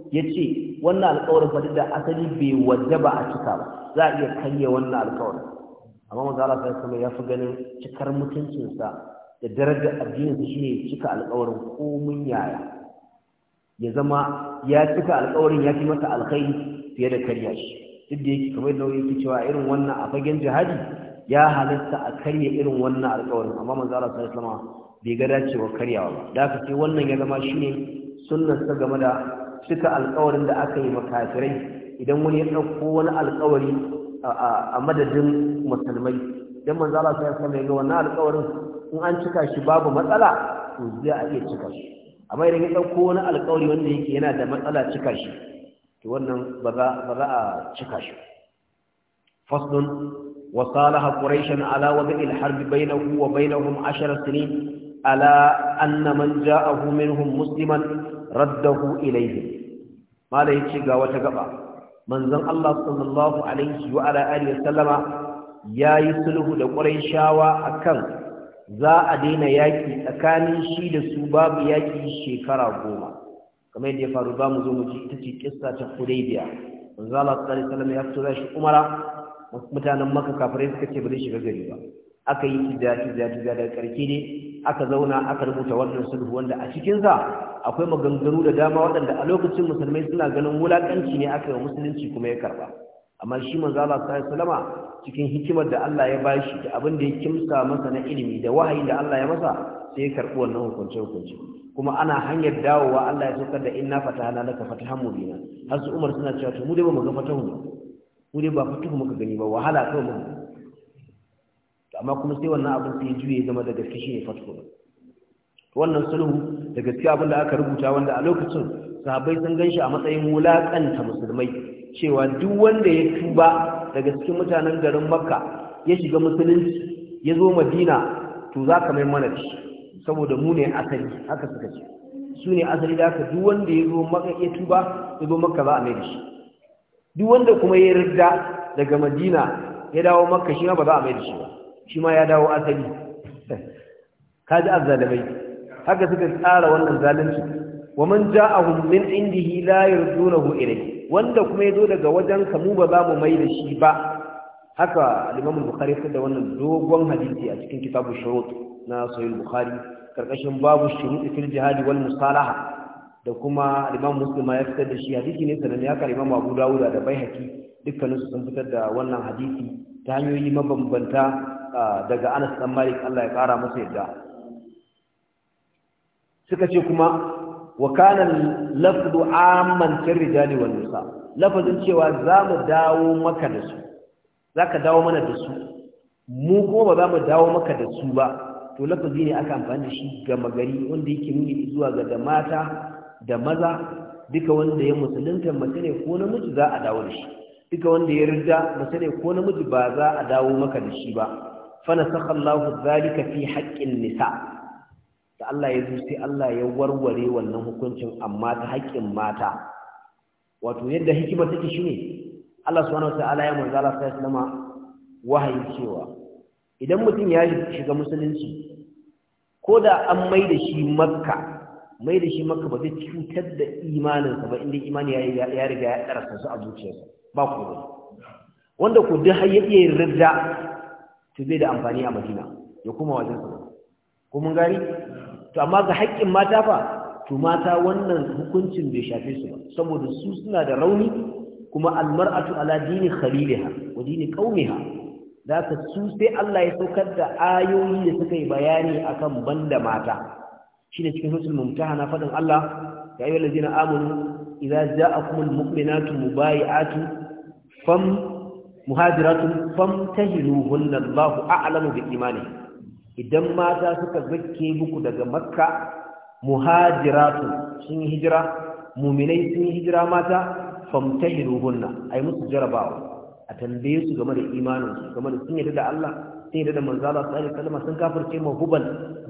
yace wannan alƙawarin fa da asali bai wajaba a cika ba za a iya karya wannan alƙawarin amma manzo Allah sallallahu alaihi wasallam ya fi ganin cikar mutuncinsa da darajar addinin shi ne cika alƙawarin komun yaya ya zama ya cika alƙawarin ya fi masa alkhairi fiye da karya shi duk da yake kamar da yake cewa irin wannan a fagen jihadi ya halitta a karya irin wannan alƙawarin amma manzo Allah sallallahu alaihi wasallam bai ga dacewa karyawa ba da haka sai wannan ya zama shine sunnar ta game da cika alƙawarin da aka yi makafirai idan wani ya ɗauko wani alƙawari a madadin musulmai dan manzo Allah sallallahu alaihi wasallam ya ga wannan alƙawarin in an cika shi babu matsala to zai a iya cika shi amma idan ya ɗauko wani alƙawari wanda yake yana da matsala cika shi to wannan ba za a cika shi fasdun وصالح قريشا على وضع الحرب بينه وبينهم عشر سنين على أن من جاءه منهم مسلما رده إليه ما لا يتشقى وتقبع من ذن الله صلى الله عليه وعلى آله وسلم يا يسله لقريشا وأكم za a daina yaƙi tsakanin shi da su babu yaƙi shekara goma kamar yadda ya faru za mu zo mu ji ita ce kissa ta hudaybiya manzo Allah sallallahu alaihi wasallam ya fito da shi umara mutanen maka kafirai suka ce ba zai shiga gari ba aka yi tija tija tija daga ƙarfi ne aka zauna aka rubuta wannan sulhu wanda a cikin sa akwai maganganu da dama waɗanda a lokacin musulmai suna ganin wulaƙanci ne aka yi musulunci kuma ya karba amma shi manzo Allah sallallahu salama cikin hikimar da Allah ya bashi da abin da ya kimsa masa na ilimi da wahayi da Allah ya masa sai ya karbi wannan hukunci-hukunci. kuma ana hanyar dawowa Allah ya saukar da inna fatahana laka fatahan mubina har su Umar suna cewa to mu dai ba mu ga fatahu mu dai ba fituhu muka gani ba wahala kawai mu amma kuma sai wannan abin sai juye zama da gaske shi ne fatuhu wannan sulhu da gaske abin da aka rubuta wanda a lokacin sahabbai sun ganshi a matsayin wulakanta musulmai cewa duk wanda ya tuba daga cikin mutanen garin makka ya shiga musulunci ya zo madina to za ka mai mana shi saboda mu ne asali haka suka ce su ne asali da haka duk wanda ya zo makka ya tuba ya zo Makka za a mai da shi duk wanda kuma ya rida daga madina ya dawo makka shi ma ba za a mai da shi ba shi ma ya dawo asali Ka ji azzalimai haka suka tsara wannan zalunci wa man ja'ahum min indihi la yurdunahu ilayhi wanda kuma yazo daga wajen ka mu ba za mu mai da shi ba haka al-imam al-bukhari da wannan dogon hadisi a cikin kitabu shurut na sahih al-bukhari karkashin babu shuruti fil jihad wal musalaha da kuma imam muslima ya fitar da shi hadisi ne sanan ya kare imam abu dawuda da haki dukkanin su sun fitar da wannan hadisi ta hanyoyi mabambanta daga anas dan malik Allah ya kara masa yadda suka ce kuma wa kana lafdu amman fil rijali nisa lafazin cewa za mu dawo maka da su zaka dawo mana da su mu kuma ba za mu dawo maka da su ba to lafazi ne aka amfani da shi ga magari wanda yake nuni zuwa ga da mata da maza duka wanda ya musulunta mace ne ko namiji za a dawo da shi duka wanda ya rida mace ne ko namiji ba za a dawo maka da shi ba fa nasakha Allahu zalika fi haqqin nisa da Allah ya zo sai Allah ya warware wannan hukuncin amma ta haƙƙin mata wato yadda hikimar take shine Allah subhanahu wataala ya manzo Allah sai alaihi wahayi cewa idan mutum ya shiga musulunci ko da an mai da shi makka mai da shi maka ba zai cutar da imaninsa ba inda imani ya riga ya karasa su a zuciyarsa ba ku ba wanda ku duk har ya iya yin ridda to bai da amfani a madina ya kuma wajen sa ko mun gani to amma ga haƙƙin mata fa to mata wannan hukuncin bai shafe su ba saboda su suna da rauni kuma almar'atu ala dini khaliliha wa dini qaumiha da ka su sai Allah ya saukar da ayoyi da suka yi bayani akan banda mata shine cikin suratul mumtahana fadan Allah ya ayyuhal ladina amanu idza ja'akumul mu'minatu mubayi'atu fam muhajiratun tahiluhunna Allahu a'lamu bi imani idan mata suka zakke muku daga makka muhajiratun sun hijira muminai sun hijira mata fam tahiluhunna ay musu jarabawa a tambaye su game da imanin su game da sun da Allah sai da manzo Allah sallallahu alaihi wasallam sun kafirce ma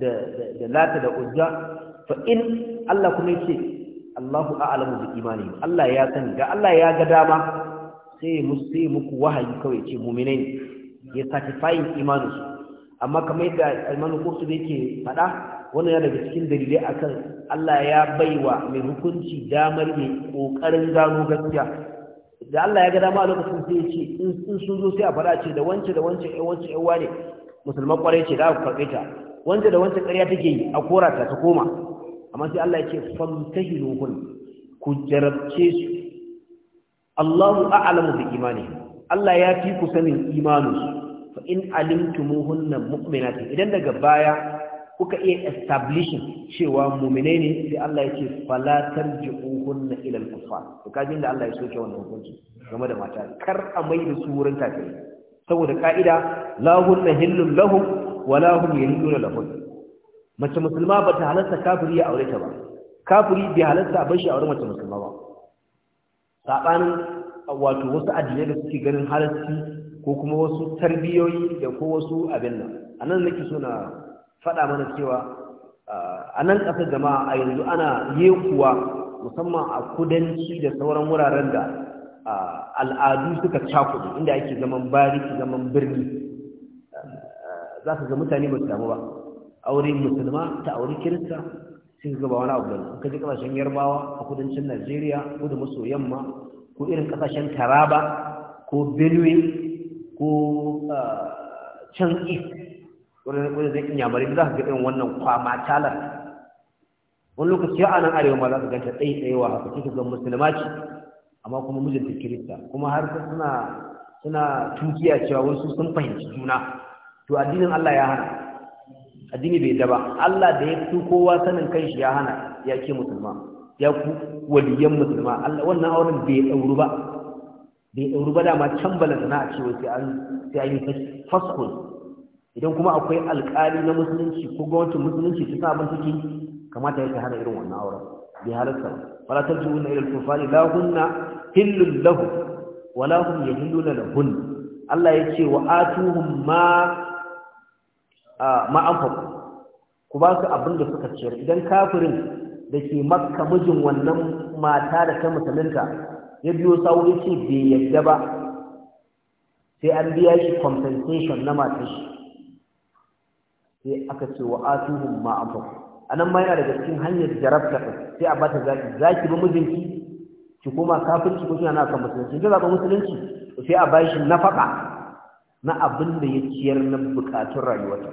da da lata da uzza fa in Allah kuma yace Allahu a'lamu bi imani Allah ya ga Allah ya ga dama sai mu sai muku wahayi kawai ce mu'minai ya satisfying imaninsu amma kamar yadda Imam da yake faɗa wannan na daga cikin dalilai akan Allah ya baiwa mai hukunci damar yi kokarin gano gaskiya da Allah ya ga dama a lokacin sai ya ce in sun zo sai a fara ce da wance da wance ai wance ai wane musulman kwarai ce da aka ta wance da wance ƙarya take yi a kora ta ta koma amma sai Allah ya ce famtahiluhun ku jarabce su Allahu a'lamu bi imani Allah ya fi ku sanin imaninsu fa in alimtumuhunna mu'minatin idan daga baya kuka iya establishing cewa muminai ne sai Allah ya ce fala tarji'uhunna ila al-kufar to kajin da Allah ya soke wannan hukunci game da mata kar a mai da su wurin kafiri saboda ka'ida la hunna hillun lahum wa la hum yahilluna lahum mace musulma ba ta halarta kafiri ya aure ta ba kafiri bai halarta a bar shi aure mace musulma ba sabanin wato wasu addinai da suke ganin halarci ko kuma wasu tarbiyoyi da ko wasu abin nan anan nake so na faɗa mana cewa a nan ƙasar jama'a a yanzu ana yekuwa musamman a kudanci da sauran wuraren da al'adu suka cakudu inda ake zaman bariki zaman birni za su ga mutane ba su damu ba aure musulma ta aure kirista sun gaba wani abu da ka ji ƙasashen yarbawa a kudancin najeriya kudu maso yamma ko irin ƙasashen taraba ko benue ko can east wurin wurin zai inyamari za ka ga irin wannan kwama talar wani lokaci ya anan arewa ma za ka ganta tsaye wa haka kika ga musulma ce amma kuma mijinta kirista kuma har suna suna tunkiya cewa wasu sun fahimci juna to addinin Allah ya hana addini bai daba. Allah da ya fi kowa sanin kanshi ya hana ya ke musulma ya ku waliyan musulma Allah wannan auren bai dauru ba bai dauru ba dama can bala na a cewa sai an sai an yi faskul idan kuma akwai alƙali na musulunci ko gwamnatin musulunci ta sa abin take kamata ya hana irin wannan auren bi halarta wala ji ila irin kufari la hunna hillul lahu wala hum yahilluna lahun Allah ya ce wa atuhum ma ma ku ba su abin da suka ciyar idan kafirin da ke makka mijin wannan mata da ta musulunta ya biyo sawu ya ce bai yadda ba sai an biya shi compensation na matar shi sai aka ce wa atuhum ma anfaqu anan ma yana daga cikin hanyar jarabta sai a bata zaki zaki ba mijinki ki kuma kafirci ko kina na kan musulunci da zaba musulunci sai a bashi nafaka na abin da ya ciyar na bukatun rayuwarta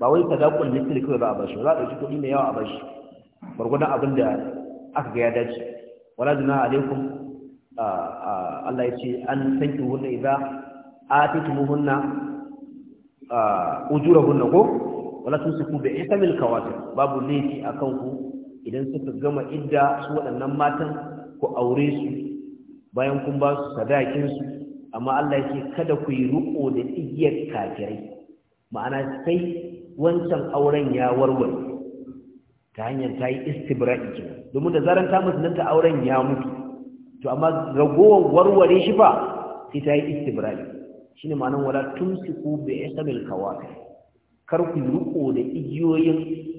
ba wai ka dakon misali kai ba a bashi za a ɗauki kuɗi mai yawa a bashi bargwadon abin da aka ga ya dace wala juna alaikum Allah ya ce an sanki hunna idza atitumuhunna ujurahunna ko wala kube ita mil kawatir babu laifi akan ku idan suka gama idda su waɗannan matan ku aure su bayan kun ba su sadakin su amma Allah yake kada ku yi ruko da igiyar kafirai ma'ana sai wancan auren ya warware ta hanyar ta yi istibra'i domin da zaran ta ta auren ya mutu to amma ragowar warware shi fa sai ta yi istibra'i shine ma'anan wala tumsiku bi ihkamil kawatir kar ku riko da igiyoyin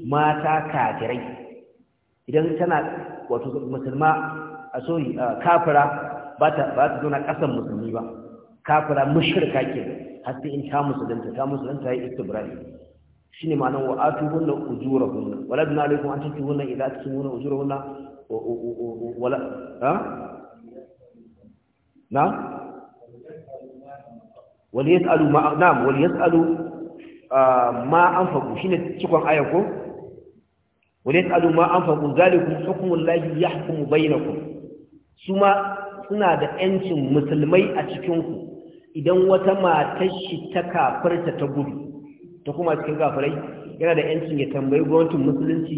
mata kafirai idan tana wato musulma a soyi kafira ba ta ba ta zauna kasan musulmi ba kafira mushrika ke har sai in ta musulunta ta musulunta yi istibra'i shine ma'anar wa ujura ujurahunna wala bin alaikum an tutuhunna idza tusmuna ujurahunna wala ha na wali yasalu ma na'am wal yasalu ma anfaqu shine cikon ayako ko wala yasalu ma anfaqu zalikum hukmullahi ku bainakum suma suna da yancin musulmai a cikin ku idan wata matar shi ta kafarta ta gudu ta kuma cikin kafirai yana da yancin ya tambayi gwamnatin musulunci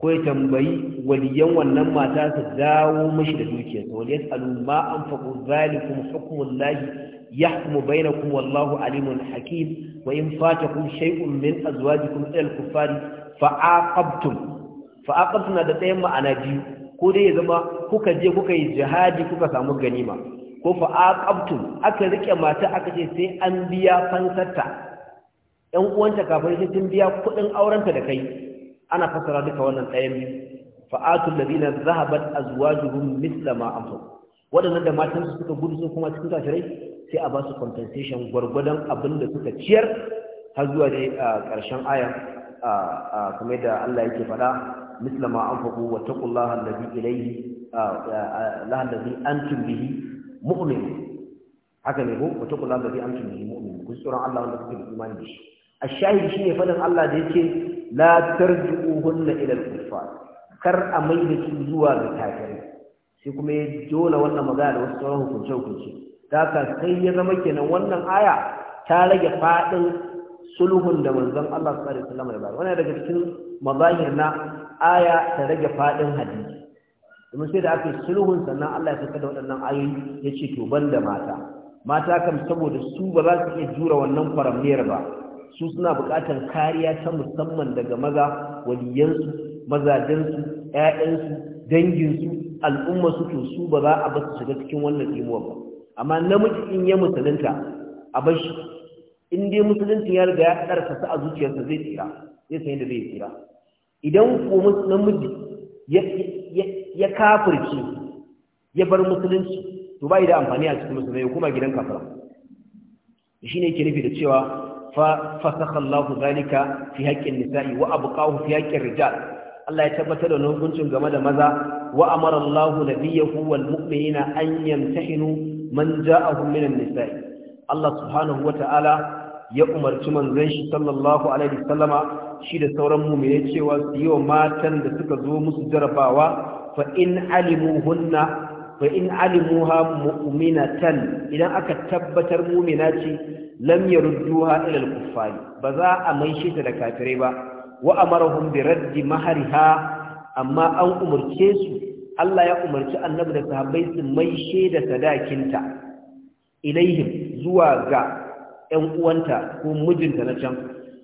ko ya tambayi waliyan wannan mata su dawo mashi da dukiyarsa wani yasalu ma anfaqu zalikum lahi. يحكم بينكم والله عليم حكيم وإن فاتكم شيء من أزواجكم إلى الكفار فعاقبتم فعاقبتم هذا Ko أنا جيو zama kuka كوكا kuka كوكا يجهادي كوكا سامو ganima. ko fa aka rike mata aka ce sai an biya fansarta ɗan uwanta kafin sai tun biya kuɗin aurenta da kai ana fasara duka wannan ɗayan biyu fa'atul ladina zahabat azwajuhum misla ma amsa waɗannan da su suka gudu kuma cikin sai a ba su compensation gwargwadon abin da suka ciyar har zuwa dai a ƙarshen aya kamar da Allah yake faɗa mislama anfaqu wa taqullaha allazi ilayhi la allazi antum bihi mu'min haka ne ko wa taqullaha allazi antum bihi mu'min Kun tsoron Allah wanda kuke imani da shi shi shine faɗin Allah da yake la tarji'uhunna ila al-kuffar kar a maida su zuwa ga kafirai sai kuma ya jona wannan magana da wasu sauran hukunce-hukunce daga sai ya zama kenan wannan aya ta rage fadin sulhun da manzon Allah sallallahu alaihi wasallam ya wannan daga cikin mazahir na aya ta rage fadin hadisi domin sai da aka yi sulhun sannan Allah ya saka da waɗannan ayoyi ya ce to ban da mata mata kam saboda su ba za su iya jura wannan faramiyar ba su suna buƙatar kariya ta musamman daga maza waliyansu mazajensu 'ya'yansu danginsu al'ummarsu to su ba za a ba su shiga cikin wannan imuwa ba amma namiji in ya musulunta a bashi in dai musulunci ya riga ya karkasa a zuciyarsa zai tsira zai san yadda zai tsira idan ko namiji ya kafirci ya bar musulunci to bai da amfani a cikin musulmai kuma gidan kafira shine ke nufi da cewa fa fasakha Allahu zalika fi haƙƙin nisa'i wa abqahu fi haƙƙin rijal Allah ya tabbatar da hukuncin game da maza wa amara Allahu nabiyahu wal mu'minina an yamtahinu man a minan nisa'i Allah subhanahu wata'ala ya umarci manzon shi sallallahu alaihi wasallama shi da sauran mu'mini cewa su yi wa matan da suka zo musu jarabawa fa in alimuhunna fa in alimuha mu'minatan idan aka tabbatar mu'mina ce lam yarudduha ila al-kuffari ba za a maishe ta da kafirai ba wa amarahum bi raddi mahariha amma an umarce su Allah ya umarci annabi da sahabbai su mai da sadakinta ilaihim zuwa ga ‘yan uwanta ko mijinta na can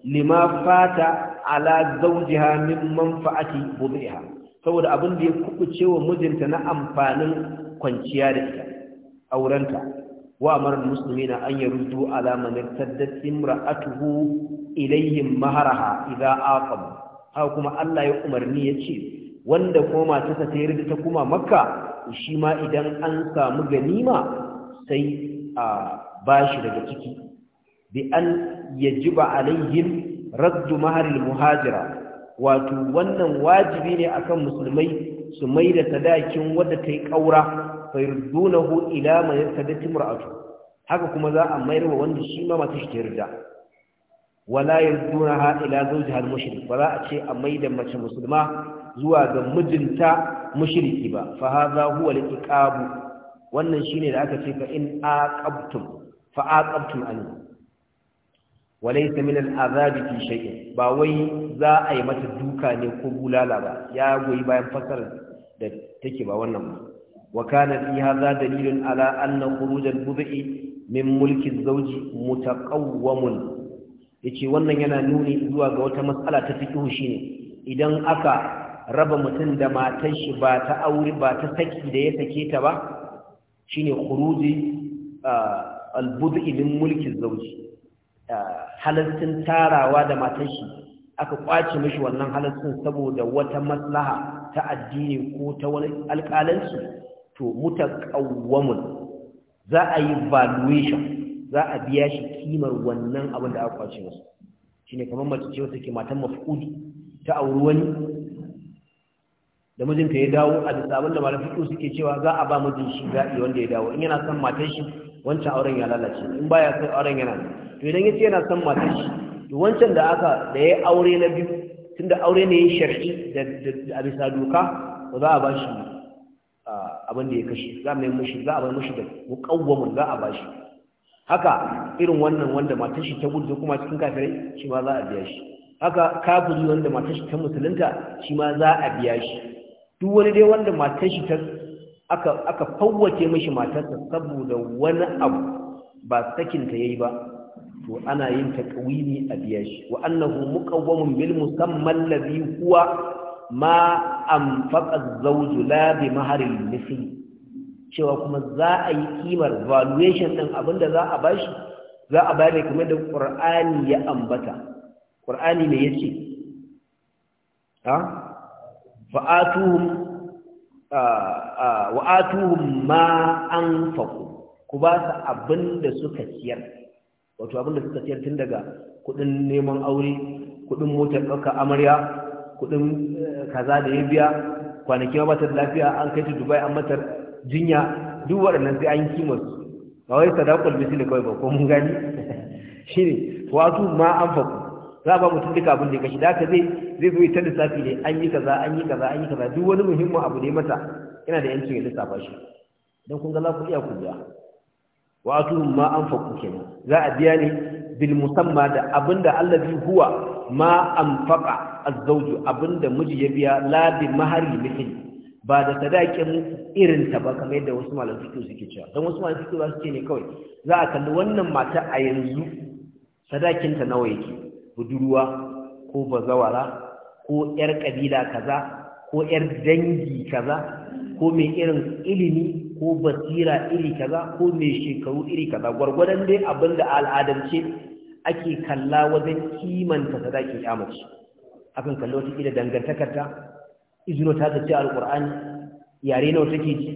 lima fata ala zaujiha min manfa'ati bubiha saboda abin da ya kubuce wa mijinta na amfanin kwanciya da ita aurenta wa amara muslimina an yaruddu ala man irtaddat imra'atuhu ilayhim maharaha idza aqam Ha kuma Allah ya umarni ya ce wanda kuma matarsa ta ta kuma makka shi ma idan an samu ganima sai a bashi daga ciki bi an yajiba alaihim raddu maharil muhajira wato wannan wajibi ne akan musulmai su mai da sadakin wadda ta yi ƙaura fa yurdunahu ila man yastadati haka kuma za a mayar wa wanda shi ma mata shi yarda wala yurdunaha ila zawjiha al-mushrik ba za a ce a mai da mace musulma zuwa ga mijinta mushriki ba fa hadha huwa al-iqab wannan shine da aka ce fa in aqabtum fa aqabtum anhu walaysa min al-azab fi shay'in ba wai za a yi mata duka ne ko bulala ba ya goyi bayan fasar da take ba wannan ba wa kana fi hadha dalilun ala anna khuruj al-budhi min mulki az-zawji mutaqawwamun yace wannan yana nuni zuwa ga wata matsala ta fiqh shine idan aka raba mutum da matan shi ba ta aure ba ta saki da ya sake ta ba shine khuruji albud'in mulkin min mulki zawji tarawa da matan shi aka kwace mishi wannan halaltin saboda wata maslaha ta addini ko ta wani alƙalanci to mutaqawwamun za a yi valuation za a biya shi kimar wannan abin da aka kwace masa shine kamar mace ce wata ke matan mafudi ta auri wani da mijinta ya dawo a bisa abin da malafi su suke cewa za a ba mijin shi zaɓi wanda ya dawo in yana son matan shi wancan auren ya lalace in baya son auren yana to idan ya ce yana son matan shi to wancan da aka da ya aure na biyu tunda aure ne ya shari'i da a bisa doka ba za a ba shi abin da ya kashe za a mashi za a bai mashi da muƙawwamin za a ba shi haka irin wannan wanda matan shi ta gudu kuma cikin kafirai shi ma za a biya shi haka kafiri wanda matashi shi ta musulunta shi ma za a biya shi duk wani dai wanda matar shi ta aka aka fawwace mishi matarsa saboda wani abu ba sakin ta yayi ba to ana yin taqwimi a biya shi wa annahu muqawwamun bil musamman ladhi huwa ma anfaqa az-zawj la bi mahar al cewa kuma za a yi kimar valuation din abinda za a bashi za a bayar da kuma da Qur'ani ya ambata Qur'ani ne yace ha fa'atuhum wa atuhum ma anfaqu ku ba su abinda suka ciyar wato abinda suka ciyar tun daga kudin neman aure kudin motar ɗauka amarya kudin eh, kaza da ya biya kwanaki ma da lafiya an kai ta dubai an matar jinya duk waɗannan sai an kima su ba wai sadaqul misli kawai ba ko mun gani shine wa atuhum ma anfaqu za a ba mutum duka abin da ya kashi da haka zai zai zo ta lissafi ne an yi kaza an yi kaza an yi kaza duk wani muhimmin abu ne mata yana da yancin ya lissafa shi don kun ga za ku iya ku biya wa atuhum ma anfaqu kenan za a biya ne bil musamma da abinda allazi huwa ma anfaqa az abinda miji ya biya la bi mahari mithli ba da sadakin irin ta ba kamar yadda wasu malam fito suke cewa dan wasu fito za su ce ne kawai za a kalli wannan mata a yanzu sadakin ta nawa yake budurwa ko bazawara ko 'yar ƙabila kaza ko 'yar dangi kaza ko mai irin ilimi ko basira iri kaza ko mai shekaru iri kaza gwargwadon dai abin da al'adance ake kalla wajen kimanta ta zaki akan kallo ta ila dangantakarta izino ta zace alqur'ani yare nawa take ji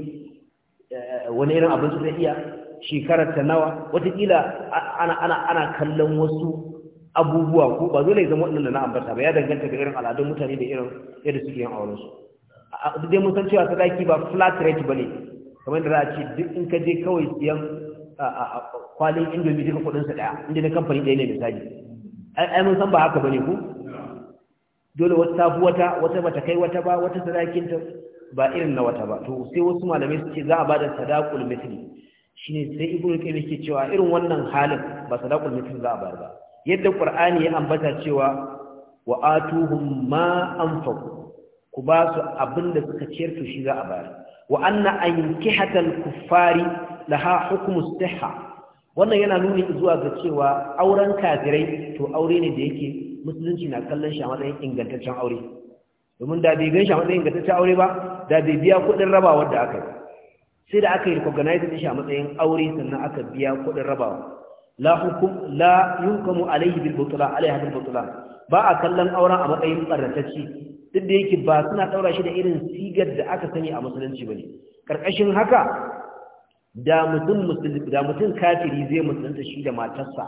eh, wani irin su ta iya shekarar ta nawa wataƙila ana ana kallon wasu abubuwa ko ba dole zama wannan da na ambata ba ya danganta da irin al'adun mutane da irin yadda suke yin auren su dai mun san cewa sadaki ba flat rate bane kamar da za a ce duk in ka je kawai siyan kwalin indomi duka kudin sa daya inda na kamfani ɗaya ne misali ai mun san ba haka bane ko dole wata tafi wata wata bata kai wata ba wata sadakin ta ba irin na wata ba to sai wasu malamai su ce za a bada sadaqul mithli shine sai ibnu kayyim yake cewa irin wannan halin ba sadaqul mithli za a bayar ba yadda qur'ani ya ambata cewa wa atuhum ma anfaqu ku ba su abinda suka ciyar to shi za a bayar wa anna ankihatal kuffari laha hukmu sihha wannan yana nuni zuwa ga cewa auren kafirai to aure ne da yake musulunci na kallon shi a matsayin ingantaccen aure domin da bai gan shi a matsayin ingantaccen aure ba da bai biya kuɗin rabawar da aka yi sai da aka yi recognize shi a matsayin aure sannan aka biya kuɗin rabawa لا حكم لا yunkamu عليه بالبطلان بالبطلان ba a kallon auren a matsayin barratacci duk da yake ba suna daura shi da irin sigar da aka sani a musulunci bane karkashin haka da mutum musulmi da mutum kafiri zai musulunta shi da matarsa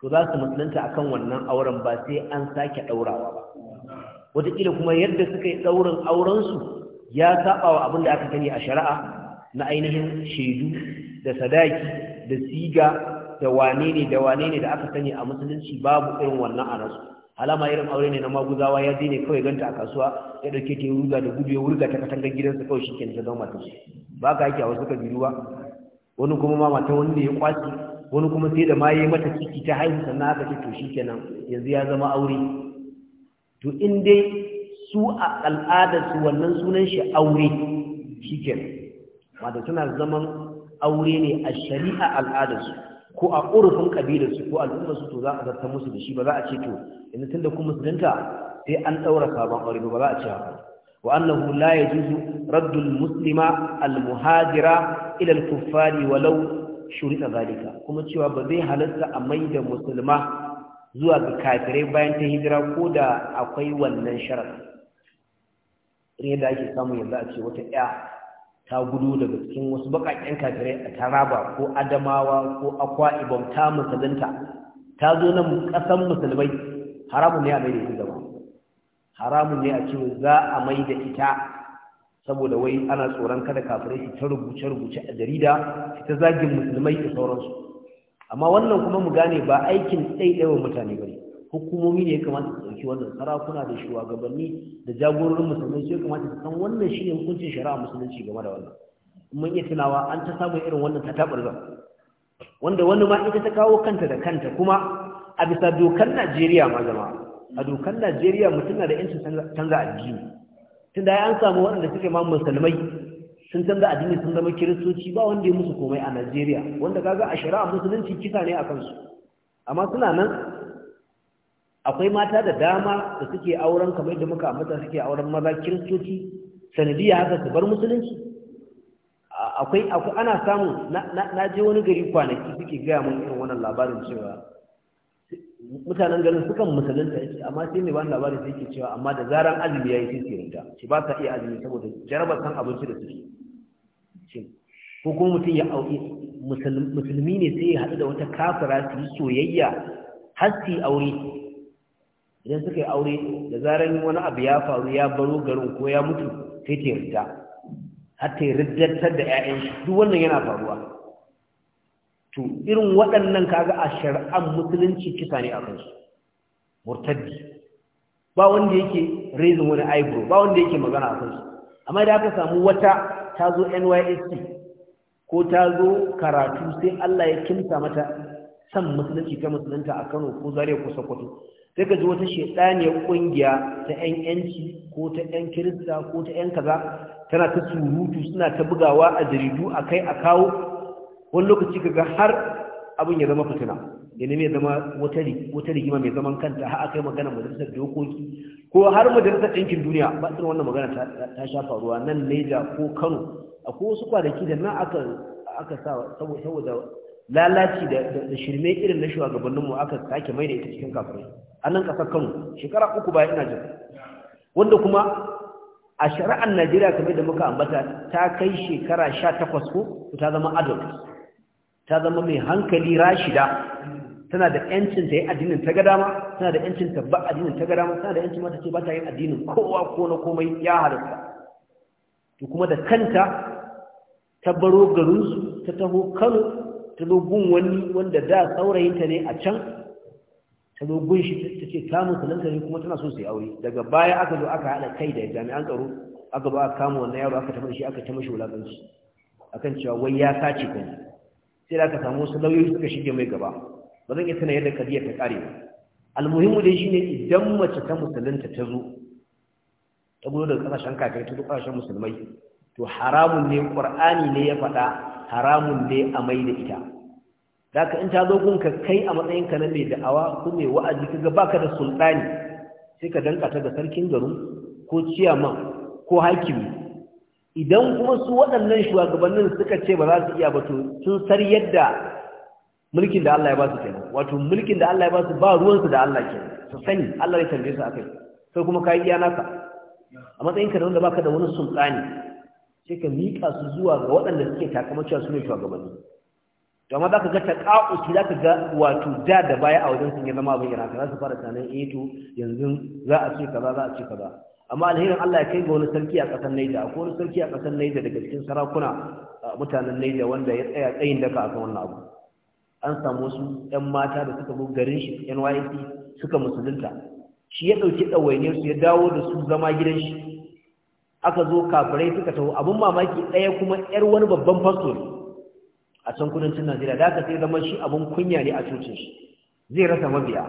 to za su musulunta akan wannan auren ba sai an sake daurawa ba wataƙila kuma yadda suka yi auren aurensu ya saba wa abin da aka sani a shari'a na ainihin shaidu da sadaki da siga da wane ne da wane ne da aka sani a musulunci babu irin wannan a rasu alama irin aure ne na maguzawa ya je kawai ganta a kasuwa ya dauke ta ruga da gudu ya wurga ta katangar gidansa kawai shi kenan ta zama ta shi ba ka yake a wasu kabilu ba wani kuma ma mata ne ya kwaci wani kuma sai da ma ya yi mata ciki ta haihu sannan aka ce to shi kenan yanzu ya zama aure to in dai su a al'adar su wannan sunan shi aure shi kenan mata suna zaman aure ne a shari'a al'adarsu ko a urufin kabilar ko al'ummarsu to za a zarta musu da shi ba za a ce to yanzu da kuma musulunta sai an ɗaura sabon aure ba za a ce haka wa annahu la juzu raddul muslima al muhajira ila al kuffari walau shurita zalika kuma cewa ba zai halarta a mai da musulma zuwa ga kafirai bayan ta hijira ko da akwai wannan sharar ne da ake samu yanzu a ce wata ɗaya ta gudu daga cikin wasu bakakken kafirai a taraba ko adamawa ko akwa ibom ta musulunta ta zo nan kasan musulmai haramun ne a mai da ita zama haramun ne a ce za a mai da ita saboda wai ana tsoron kada kafirai su ta rubuce rubuce a jarida su ta zagin musulmai da sauransu amma wannan kuma mu gane ba aikin ɗaiɗaiwa mutane bane. hukumomi ne ya kamata su ɗauki wannan sarakuna da shugabanni da jagororin musulunci, ya kamata su san wannan shi ne hukuncin shari'a musulunci game da wannan mun iya tunawa an ta samun irin wannan ta taɓarza wanda wani ma ita ta kawo kanta da kanta kuma a bisa dokar najeriya ma zama a dokar najeriya mutum na da yancin canza addini tun da an samu waɗanda suke ma musulmai sun canza addini sun zama kiristoci ba wanda ya musu komai a najeriya wanda kaga a shari'a musulunci kisa ne a kansu amma suna nan akwai mata da dama da suke auren kamar yadda muka amsa suke auren maza kiristoci sanadiyya haka su bar musulunci akwai akwai ana samu na je wani gari kwanaki suke gaya mun irin wannan labarin cewa mutanen garin sukan musulunta yake amma sai mai bani labarin sai yake cewa amma da zaran azumi yayi sai su rinta shi ba sa iya azumi saboda jarabar san abinci da suke shi ko kuma mutum ya auki musulmi ne sai ya haɗu da wata kafira su yi soyayya har su yi aure idan suka yi aure da zarar wani abu ya faru ya baro garin ko ya mutu sai ta yarda har ta yarda da 'ya'yan shi duk wannan yana faruwa to irin waɗannan kaga a shari'an musulunci kisa ne a kansu murtaddi ba wanda yake raisin wani eyebrow ba wanda yake magana a kansu amma da aka samu wata ta zo NYSC ko ta zo karatu sai Allah ya kimta mata san musulunci ta musulunta a Kano ko Zariya ko Sokoto sai ka ji wata shedaniyar kungiya ta yan yanci ko ta yan kirista ko ta yan kaza tana ta surutu suna ta bugawa a jaridu kai a kawo wani lokaci ga har abin ya zama fitina ya mai zama wata rigima mai zaman kanta ha a kai magana majalisar dokoki ko har majalisar ɗinkin duniya ba su wannan magana ta sha faruwa nan Neja ko Kano akwai wasu kwanaki da nan aka aka sa saboda lalaci da shirme irin na shugabanninmu aka sake mai da ita cikin kafirai a nan ƙasar kano shekara uku bayan ina jin wanda kuma a shari'ar najeriya kamar da muka ambata ta kai shekara sha takwas ko ta zama adult ta zama mai hankali rashida tana da yancin ta yi addinin ta ma tana da yancin ta ba addinin ta ma tana da yancin mata ce ba ta yin addinin kowa ko na komai ya halitta. to kuma da kanta ta baro garinsu ta taho kano ta gun wani wanda da saurayinta ne a can ta gun shi ta ce kamun salanta ne kuma tana so su yi aure daga baya aka zo aka haɗa kai da jami'an tsaro aka ba a kama wannan yaro aka tafi shi aka ta mashi A akan cewa wai ya sace ka ne sai da aka samu wasu lauyoyi suka shige mai gaba ba zan iya sanar yadda kadiyar ta ƙare ba almuhimmu dai shine idan mace ta musulunta ta zo ta gudu daga ƙasashen kakai ta duk ƙasashen musulmai to haramun ne ƙur'ani ne ya faɗa haramun dai a mai da ita daga in ta zo gunka kai a matsayinka na mai da'awa ko mai wa'azi kaga baka da sultani sai ka danka ta ga sarkin garin ko ciyaman ko hakimi idan kuma su waɗannan shugabannin suka ce ba za su iya ba to sun sar yadda mulkin da Allah ya ba su kenan wato mulkin da Allah ya ba su ba ruwansu da Allah kenan su sani Allah ya tambaye su akai sai kuma kai iya naka a matsayin ka da wanda baka da wani sultani sai ka miƙa su zuwa ga waɗanda suke takamacewa su ne shugabanni to amma za ka ga taƙa'uki za ka ga wato da da baya a wajen sun yi zama abin yana za su fara tunanin eh to yanzu za a ce kaza za a ce kaza amma alherin Allah ya kai ga wani sarki a ƙasar Naija akwai wani sarki a ƙasar Naija daga cikin sarakuna mutanen Naija wanda ya tsaya tsayin daka akan wannan abu an samu wasu ƴan mata da suka zo garin shi NYC suka musulunta shi ya ɗauki ɗawainiyar ya dawo da su zama gidan shi aka zo kafirai suka taho abin mamaki ɗaya kuma ƴar wani babban fasto ne a can kudancin najeriya da aka sai zama shi abin kunya ne a cocin shi zai rasa mabiya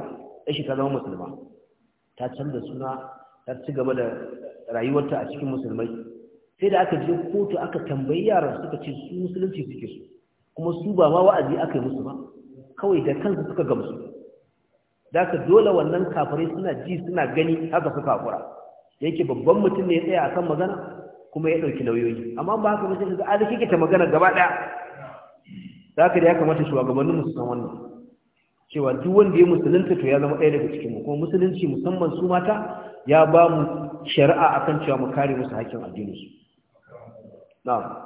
ɗan shi ta zama musulma ta canza suna ta ci gaba da rayuwarta a cikin musulmai sai da aka je kotu aka tambayi yaran suka ce su musulunci suke su kuma su ba ma wa'azi aka yi musu ba kawai da kansu suka gamsu da aka dole wannan kafirai suna ji suna gani haka suka hakura yake babban mutum ne ya tsaya akan magana kuma ya ɗauki lauyoyi amma ba haka mutum ga aliki ke ta magana gaba ɗaya za ka da ya kamata shugabannin su san wannan cewa duk wanda ya musulunta to ya zama ɗaya daga cikin mu kuma musulunci musamman su mata ya ba mu shari'a akan cewa mu kare musu hakkin addini su na'am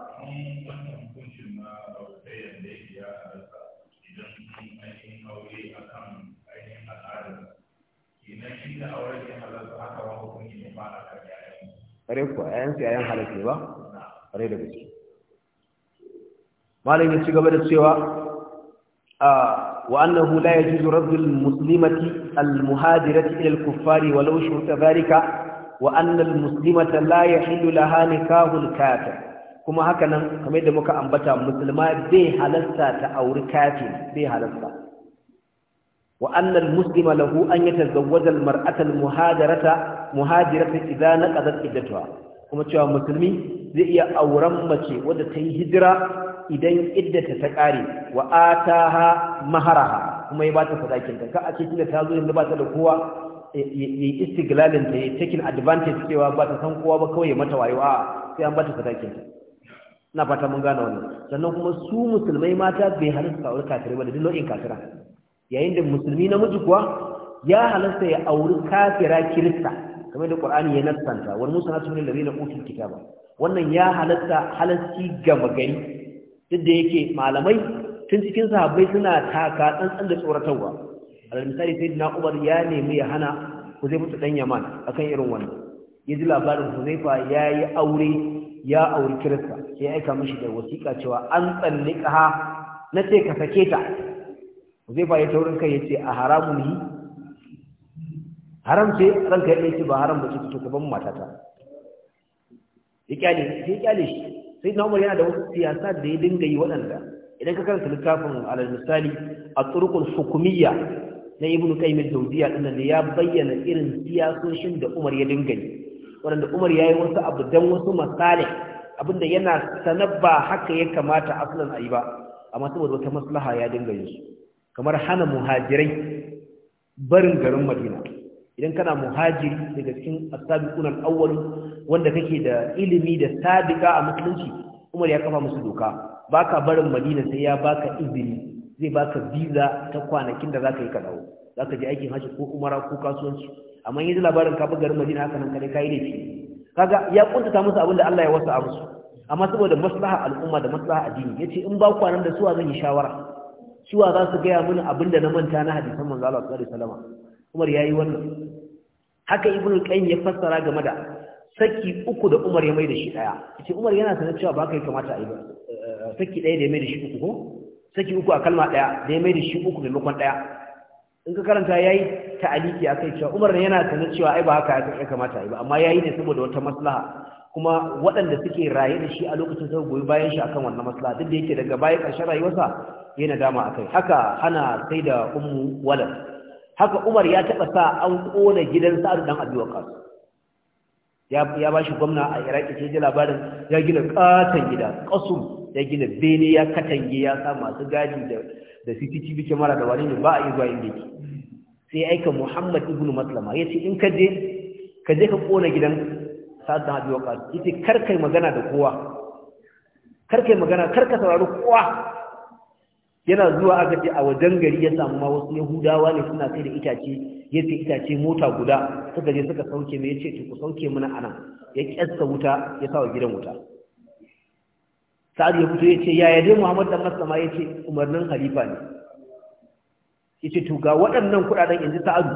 Ina shi da aure haka kare ku ayan sai ayan halaka ba kare da ya ci gaba da cewa wa annahu la yajuzu raddu al-muslimati al-muhajirati ila al-kuffari walau shurta dhalika wa anna al-muslimata la yahillu laha nikahu al-kafir kuma haka nan kamar yadda muka ambata musulma bai halasta ta auri kafir bai halasta وأن المسلم له أن يتزوج المرأة المهاجرة مهاجرة إذا نقضت إدتها kuma cewa musulmi zai iya auren mace wadda hijira idan iddata ta ƙare wa ataha maharaha kuma ya ba ta sadakinta ka a cikin kila ta zo yanzu ba ta da kowa ya yi istiglalin ta ya taking advantage cewa ba ta san kowa ba kawai ya mata wayo a sai an ba ta sadakinta na fata mun gane wannan sannan kuma su musulmai mata bai halitta aure kafirai ba da duk nau'in kafira yayin da musulmi na namiji kuwa ya halasta ya auri kafira kirista kamar da qur'ani ya nassanta wal musanatu min alladhina utul kitaba wannan ya halasta halasci gama gari duk da yake malamai tun cikin sahabbai suna taka tsantsan da tsoratarwa alal misali sayyidina umar ya nemi ya hana huzaifa ta dan yaman akan irin wannan ya ji labarin huzaifa yayi aure ya auri kirista sai aika mishi da wasiƙa cewa an tsallika na ce ka sake ta zai ba ya taurin kai yace a haramun yi haram ce ranka ya ce ba haram ba ce to gaban matata ya kyale ya kyale shi sai na umar yana da wasu siyasa da ya dinga yi waɗanda idan ka karanta littafin alal misali a turkul hukumiyya na ibn qayyim al-jawziyya din da ya bayyana irin siyasoshin da umar ya dinga yi waɗanda umar ya yi wasu abu dan wasu masalih abinda yana sanabba haka ya kamata aslan ayi ba amma saboda wata maslaha ya dinga yin su kamar hana muhajirai barin garin madina idan kana muhajiri daga cikin asabiqun al-awwal wanda kake da ilimi da sabiqa a musulunci Umar ya kafa musu doka baka barin madina sai ya baka izini zai baka visa ta kwanakin da zaka yi ka dawo zaka je aikin haji ko umara ko kasuwanci amma yanzu labarin ka garin madina haka nan kare kai ne fi kaga ya kuntata musu abin da Allah ya wasa musu amma saboda maslaha al'umma da maslaha addini yace in ba kwanan da suwa zan yi shawara suwa za su gaya mini abin da na manta na hadisan manzo Allah sallallahu alaihi wasallam Umar yayi wannan haka Ibn Qayyim ya fassara game da saki uku da Umar ya mai da shi daya yace Umar yana sanar cewa ba kai kamata a yi ba eh, saki daya da ya mai da shi uku ko saki uku a kalma daya da ya mai da shi uku maimakon daya in ka karanta yayi ta'aliki akai cewa Umar yana sanar cewa ai ba haka ya kamata a yi ba amma yayi ne saboda wata maslaha kuma waɗanda suke raye da shi a lokacin sai goyi bayan shi akan wannan maslaha duk da yake daga baya ƙarshen rayuwarsa yi nadama a kai haka hana sai da umu walad haka umar ya taɓa sa an ƙona gidan sa'adu ɗan abuwa kasu ya ba shi gwamna a iraki ce ji labarin ya gina katon gida ƙasum ya gina bene ya katange ya sa masu gadi da cctv mara da wani ne ba a yi zuwa inda ke sai aika muhammad ibn maslama ya ce in ka je ka je ka ƙona gidan sa'adu ɗan abuwa kasu ita karkai magana da kowa karkai magana karka saurari kowa yana zuwa aka ce a wajen gari ya samu ma wasu yahudawa ne suna sai da itace ya ce itace mota guda suka je suka sauke mai ya ce ku sauke mana anan ya kyasta wuta ya sa wa gidan wuta sa'ad ya fito ya ce yaya dai muhammad dan masama ya ce umarnin halifa ne ya ce to ga waɗannan kuɗaɗen yanzu sa'adu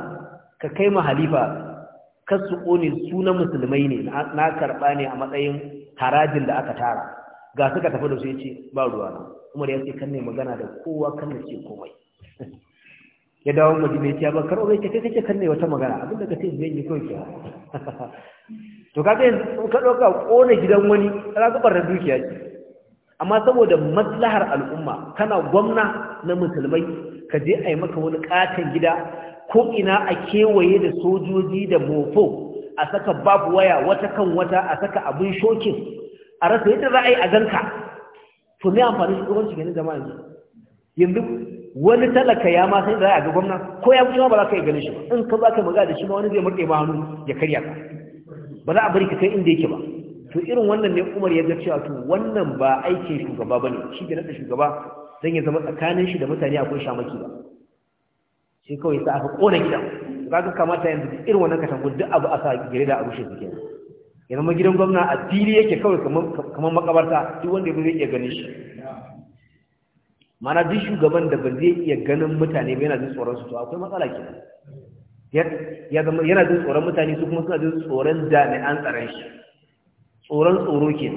ka kai ma halifa kar su ƙone sunan musulmai ne na karɓa ne a matsayin harajin da aka tara ga suka tafi da su ya ce ba ruwa na umar ya ce kan ne magana da kowa kan ne ce komai ya dawo madina ya ba karo bai ce kai kake kan ne wata magana abin da ka ce zai yi kawai ke to kaga yanzu ka ɗauka ƙona gidan wani ka ɓarnar dukiya ce amma saboda maslahar al'umma kana gwamna na musulmai ka je a yi maka wani ƙaton gida ko ina a kewaye da sojoji da mofo a saka babu waya wata kan wata a saka abin shokin a rasa yadda za a yi a ganka to me amfani shugabanci ganin zama yanzu yanzu wani talaka ya ma sai za a ga gwamna ko ya fito ba za ka yi ganin shi ba in ka za ka magana da shi ma wani zai murɗe ma hannu ya karya ka ba za a bari ka kai inda yake ba to irin wannan ne Umar ya ga cewa to wannan ba aikin shugaba bane shi da nada shugaba dan ya zama tsakanin shi da mutane akwai shamaki ba sai kawai sa aka kona gidan ka kamata yanzu irin wannan katangun duk abu a sa gare da abu shi kenan yana zama gidan gwamna a fili yake kawai kamar makabarta duk wanda ya zai iya ganin shi mana duk shugaban da ba zai iya ganin mutane ba yana jin tsoron su to akwai matsala kenan ya zama yana jin tsoron mutane su kuma suna jin tsoron jami'an tsaron shi tsoron tsoro ke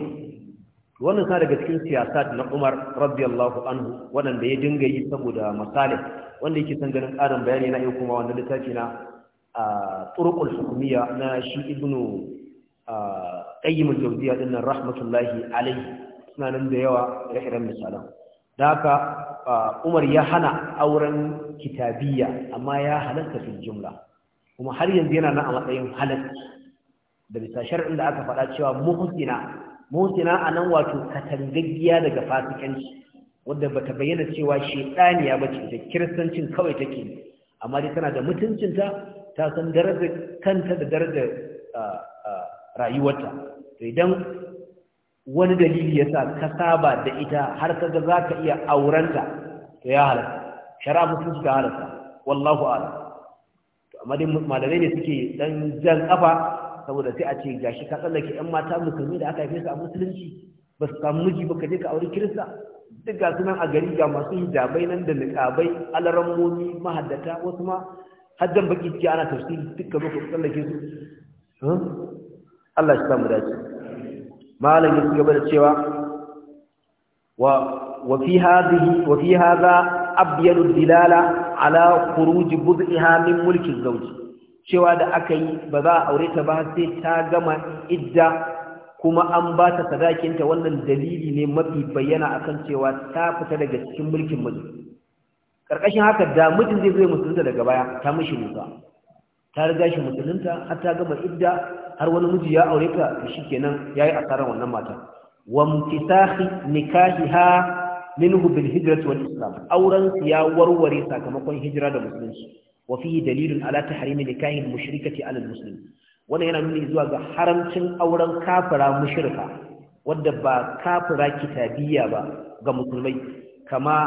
wannan sa daga cikin siyasa na Umar radiyallahu anhu wadanda ya dinga yi saboda masalih wanda yake san ganin karin bayani na yau kuma wanda littafi na a turqul hukumiyya na shi ibnu qayyimul jawziya din nan rahmatullahi alaihi suna nan da yawa ire-iren misalan da haka Umar ya hana auren kitabiyya amma ya halatta fil jumla kuma har yanzu yana nan a matsayin halatta da bisa shar'in da aka faɗa cewa muhsina muhsina anan wato katangaggiya daga fasikanci wanda bata bayyana cewa ba ce. da kiristancin kawai take amma dai tana da mutuncinta ta san darajar kanta da darajar rayuwarta to idan wani dalili ya sa ka saba da ita har kaga za ka iya aurenta to ya halatta shara mutum suka halatta wallahu ala to amma dai malamai ne suke dan jan kafa saboda sai a ce gashi ka tsallake yan mata musulmi da aka haife su a musulunci ba su samu miji ba ka je ka auri kirista duk ga sunan a gari ga masu hijabai nan da niqabai alarammomi mahaddata wasu ma har haddan baki ciki ana tafsiri duk ka zo tsallake su Allah shi samu dace malam ya gaba da cewa wa wa fi hadhihi wa fi hadha abyanu dilala ala khuruj bud'iha min mulki zawj cewa da aka yi ba za a aure ta ba sai ta gama idda kuma an ba ta sadakinta wannan dalili ne mafi bayyana akan cewa ta fita daga cikin mulkin miji karkashin haka da mijin zai zai musulunta daga baya ta mishi nisa ta riga shi musulunta har ta gama idda har wani miji ya aure ta shi kenan ya yi asarar wannan mata wa mutisahi ha minhu bil hijirar wal islam Aurensu ya warware sakamakon hijira da musulunci wa dalilin dalilun ala tahrimi nikahi al mushrikati ala al wannan yana nuni zuwa ga haramcin auren kafira mushrika wadda ba kafira kitabiyya ba ga musulmai kama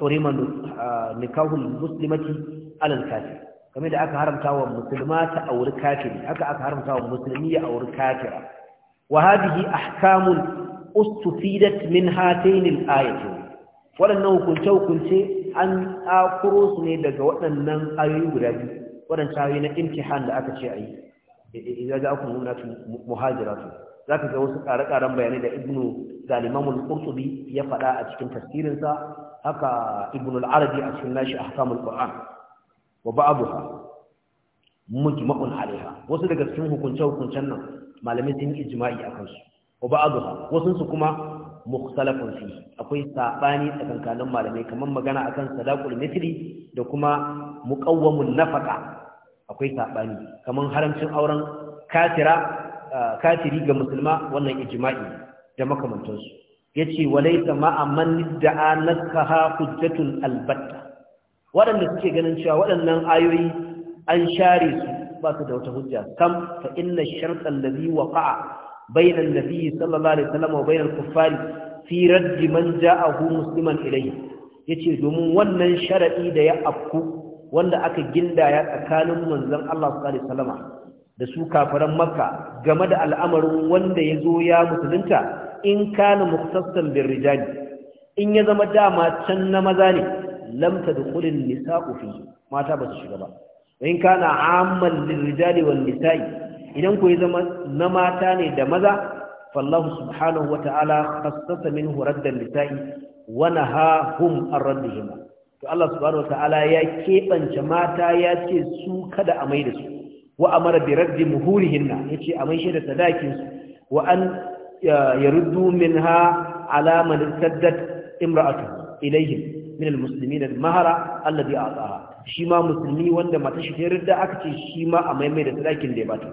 tsoriman ah, nikahul muslimati ala kafir game da aka haramta wa musulma ta auri kafiri aka aka haramta wa musulmi ya auri kafira wa hadhihi ahkamun ustufidat min hatayn al-ayatayn waɗannan hukunce hukunce an akuro su ne daga waɗannan ayoyi guda biyu waɗancan ayoyi na imtihan da aka ce yi. idan eh, eh, za ku nuna muhajiratu za ka ga wasu ƙare-ƙaren bayanai da ibnu zalimamul qurtubi ya faɗa a cikin tafsirinsa haka ibnu al-arabi a cikin nashi ahkamul qur'an wa ba'abuha mujma'un alaiha wasu daga cikin hukunce hukuncen nan malamai sun yi ijma'i akan su wa ba'abuha wasu su kuma mukhtalafun fi akwai sabani tsakankanin malamai kamar magana akan sadaqul mithli da kuma muqawwamun nafaqa akwai sabani kamar haramcin auren kafira kafiri ga musulma wannan ijma'i da makamantansu yace walaysa ma'a man nakaha hujjatun albatta waɗanda suke ganin cewa waɗannan ayoyi an share su ba su da wata hujja kam fa inna shartan ladhi waqa'a bayna an-nabi sallallahu alaihi wasallam wa bayna al-kuffari fi raddi man ja'ahu musliman Ya yace domin wannan sharaɗi da ya afku wanda aka gindaya tsakanin manzon Allah sallallahu alaihi da su kafaran makka game da al'amarin wanda ya zo ya musulunta in kana muktasan bin in ya zama dama can na maza ne lam tadkhulun nisa'u fi mata ba su shiga ba in kana amman lirrijali wan nisa'i idan ku zama na mata ne da maza fallahu subhanahu wata'ala khassasa minhu raddan nisa'i wa nahahum an raddihim to Allah subhanahu wata'ala ya kebance mata ya ce su kada a mai da su wa amara bi raddi muhurihinna yace a mai shi da sadakin su wa an yaruddu minha ala man saddat imra'atuhu min almuslimin almahara alladhi a'taha shi ma musulmi wanda mata shi ta yarda aka ce shi ma a maimai da sadakin da ya bata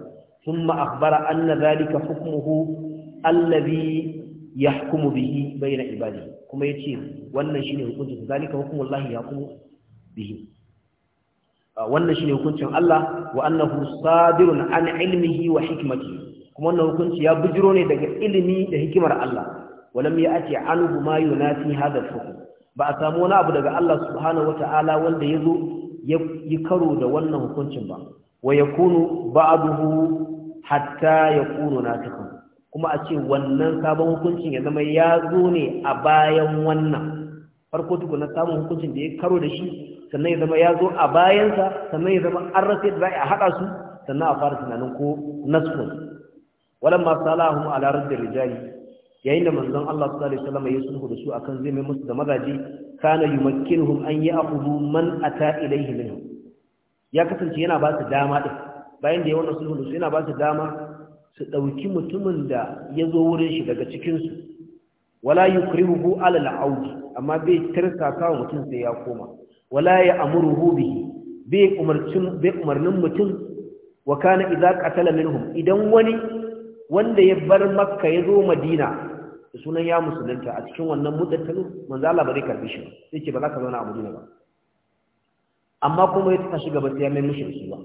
thumma akhbara anna dhalika hukmuhu alladhi yahkumu bihi bayna ibadihi kuma yace wannan shine hukuncin zalika hukmullahi yahkumu bihi wannan shine hukuncin Allah wa annahu sadirun an ilmihi wa hikmatihi kuma wannan hukunci ya bujiro ne daga ilimi da hikimar Allah walam ya'ti anhu ma yunafi ba a samu wani abu daga Allah subhanahu wata'ala wanda ya zo yi karo da wannan hukuncin ba wa ya kunu ba'aduhu hatta ya kunu na kuma a ce wannan sabon hukuncin ya zama ya zo ne a bayan wannan farko tukuna samun hukuncin da ya karo da shi sannan ya zama ya zo a bayansa sannan ya zama an rasa yadda za a haɗa su sannan a fara tunanin ko nasu masu salahun ala da rijali yayin da manzon Allah sallallahu alaihi wasallam ya sulhu da su akan zai mai musu da magaji kana yumakkinuhum an ya'khudhu man ata ilayhi minhum ya kasance yana ba su dama din bayan da ya wannan sulhu da su yana ba su dama su dauki mutumin da ya zo wurin shi daga cikin su wala yukrihu ala al amma bai tirsa ka mutum sai ya koma wala ya amuruhu bihi bai umarcin bai umarnin mutum wa kana idza qatala minhum idan wani wanda ya bar makka ya zo madina da sunan ya musulunta a cikin wannan muddatin manzo Allah ba zai karbi shi sai ce ba za ka zauna a Madina ba amma kuma ya tashi gaba sai ya mai mushi shi ba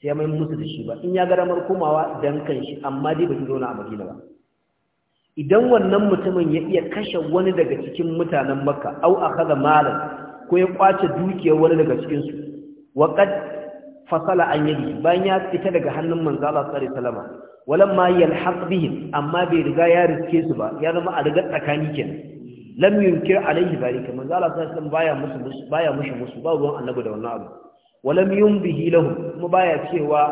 sai ya mai musu da shi ba in ya ga ramar komawa dan kan shi amma dai ba zai zauna a Madina ba idan wannan mutumin ya iya kashe wani daga cikin mutanen Makka au akhadha malan ko ya kwace dukiyar wani daga cikin su waqad fasala an yadi bayan ya fita daga hannun manzo Allah sallallahu alaihi wasallam walamma yalhaq bihim amma bai riga ya riske su ba ya zama a riga tsakani kenan lam yunkir alaihi barika manzo Allah sallallahu baya baya mushi musu ba ruwan annabi da wannan abu walam yumbihi lahum baya cewa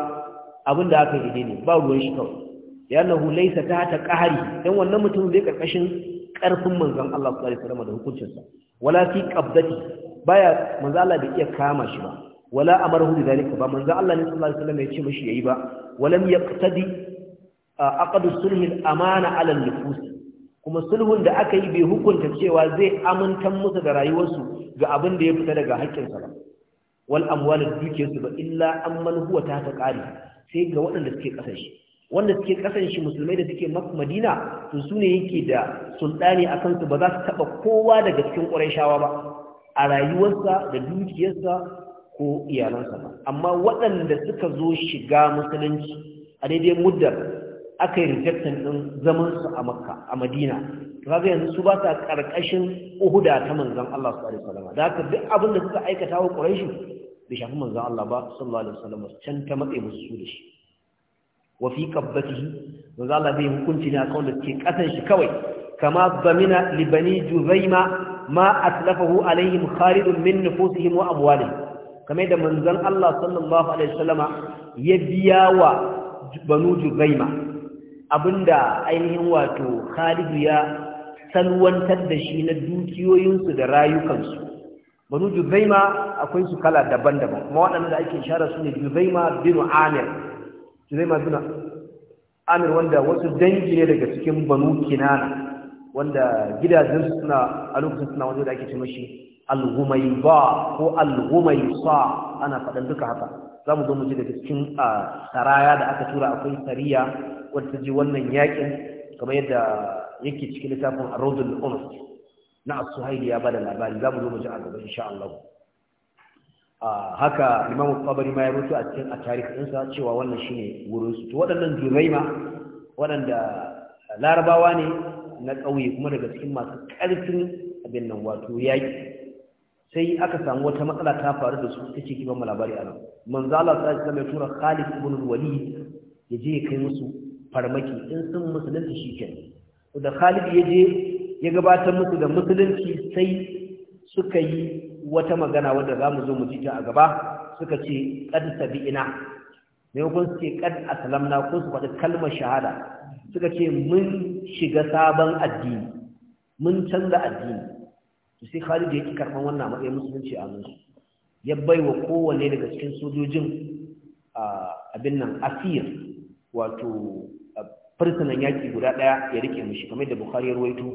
abinda aka yi ne ba ruwan shi kawai yanahu laysa ta qahari dan wannan mutum bai karkashin karfin manzon Allah sallallahu alaihi wasallam da hukuncinsa wala fi qabdati baya manzo Allah bai iya kama shi ba wala amaruhu bi zalika ba manzo Allah ne sallallahu alaihi wasallam ya ce mishi yayi ba walam yaqtadi aqdu sulhil amana ala nufus kuma sulhun da aka yi bai hukunta cewa zai amintan musu da rayuwarsu ga abin da ya fita daga haƙƙinsa ba wal amwal dukiyarsu ba illa amman huwa ta ta ƙari sai ga waɗanda suke ƙasar shi wanda suke ƙasar shi musulmai da suke madina to sune yake da sultani a kansu ba za su taɓa kowa daga cikin ƙurayshawa ba a rayuwarsa da dukiyarsa ko iyalansa ba amma waɗanda suka zo shiga musulunci a daidai muddar aka yi rejectin ɗin zamansu a makka a madina kaga yanzu su ba sa ƙarƙashin uhuda ta manzan Allah su alaihi salama da haka duk abin da suka aikata wa ƙuraishi bai shafi manzan Allah ba sallallahu alaihi salama can ta matse musu su da shi wa fi qabbatihi manzan Allah bai hukunci ne akan da ke kasan shi kawai kama zamina Libani bani juzaima ma atlafahu alaihim khalidun min nufusihim wa amwalihim kamar da manzan Allah sallallahu alaihi salama ya biya wa banu juzaima abinda ainihin wato khalidu ya salwantar da shi na dukiyoyinsu da rayukansu banu jubaima akwai su kala daban-daban kuma waɗanda ake shara su ne jubaima binu amir jubaima binu amir wanda wasu dangi ne daga cikin banu kinana wanda gidajen suna a lokacin suna wanda da ake ce mashi al ko al sa ana faɗan duka haka za mu zo mu ji daga cikin ah, saraya da aka tura akwai sariya wata ji wannan yakin kamar yadda yake cikin littafin Ar-Rawdul Unus na As-Suhaili ya bada labari zamu zo mu ji a gaba insha Allah haka Imam Tabari ma ya rutu a cikin a tarihin cewa wannan shine wurin su to waɗannan Juraima waɗanda Larabawa ne na ƙauye kuma daga cikin masu ƙarfin abin nan wato yaƙi sai aka samu wata matsala ta faru da su take kiban labari a nan Manzala a ya tura Khalid ibn Walid ya je ya kai musu farmaki in sun musulunci shi ke da khalid ya je ya gabatar musu da musulunci sai suka yi wata magana wadda za mu zo mu ji ta a gaba suka ce kad sabi'ina maimakon su ce kad aslamna ko su faɗi kalmar shahada suka ce mun shiga sabon addini mun canza addini sai khalid ya ki karban wannan matsayin musulunci a nan ya baiwa kowanne daga cikin sojojin ah, abin nan asir wato fursunan yaki guda daya ya rike mushi kamar yadda bukhari ruwaito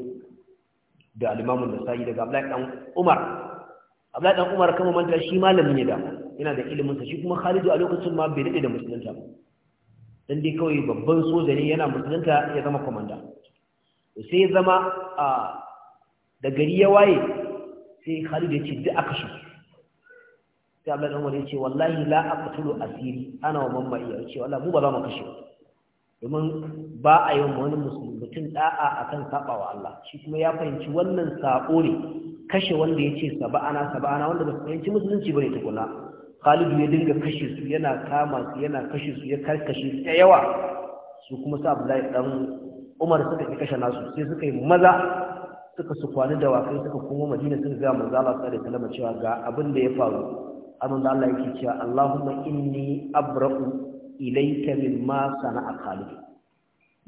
da al-imamu sa'i daga abdullahi dan umar abdullahi dan umar kama manta shi malamin ne da yana da ilimin sa shi kuma khalidu a lokacin ma bai dade da musulunta ba dan dai kawai babban soja ne yana musulunta ya zama komanda sai ya zama a da gari ya waye sai khalidu ya ce duk aka shi sai abdullahi dan umar ya ce wallahi la aqtulu asiri ana wa mamma iya ce wallahi mu ba za mu kashe domin ba a yi wani mutum da'a akan saba wa Allah shi kuma ya fahimci wannan saƙo ne kashe wanda ya ce saba'ana saba'ana wanda ba su fahimci musulunci ba ta tukuna Khalidu ya dinga kashe su yana kama su yana kashe su ya karkashe su ta yawa su kuma sa Abdullahi dan Umar suka yi kashe nasu sai suka yi maza suka su kwani da wakai suka kuma Madina suka ga manzo Allah sallallahu alaihi wasallam cewa ga abin da ya faru amma Allah yake cewa Allahumma inni abra'u ilaika ma sana'a khalid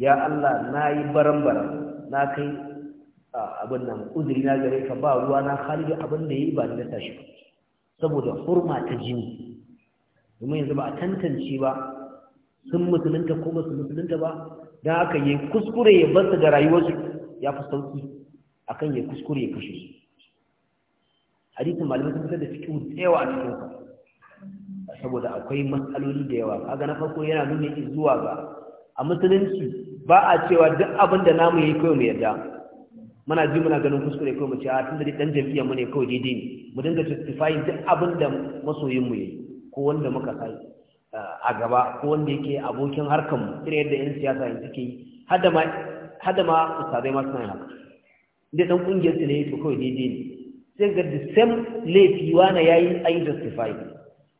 ya Allah nayi barambaran na kai abin nan uzuri na gare ka ba ruwa na khalid abin da yayi ba da tashi saboda hurma ta jini kuma yanzu ba a tantance ba sun musulunta ko ba sun musulunta ba don aka yi kuskure ya basu da rayuwarsu ya fi sauki akan ya kuskure ya kashe su hadisin malamai sun fitar da cikin tsewa a cikin sa saboda akwai matsaloli da yawa kaga na farko yana nuna zuwa ga a musulunci ba a cewa duk abin da namu yayi kawai mu yadda muna ji muna ganin kuskure kawai mu ce a ah, tun da dan jami'a mu ne kawai daidai ne mu dinga justifying duk abin da masoyin mu yayi ko wanda muka sai eh, a gaba ko wanda yake abokin harkar mu irin yadda yan siyasa yin suke yi hada ma hada ma ustadai ma suna haka inda dan kungiyar su ne to kawai daidai ne sai ga the same laifi wani yayi ai justifying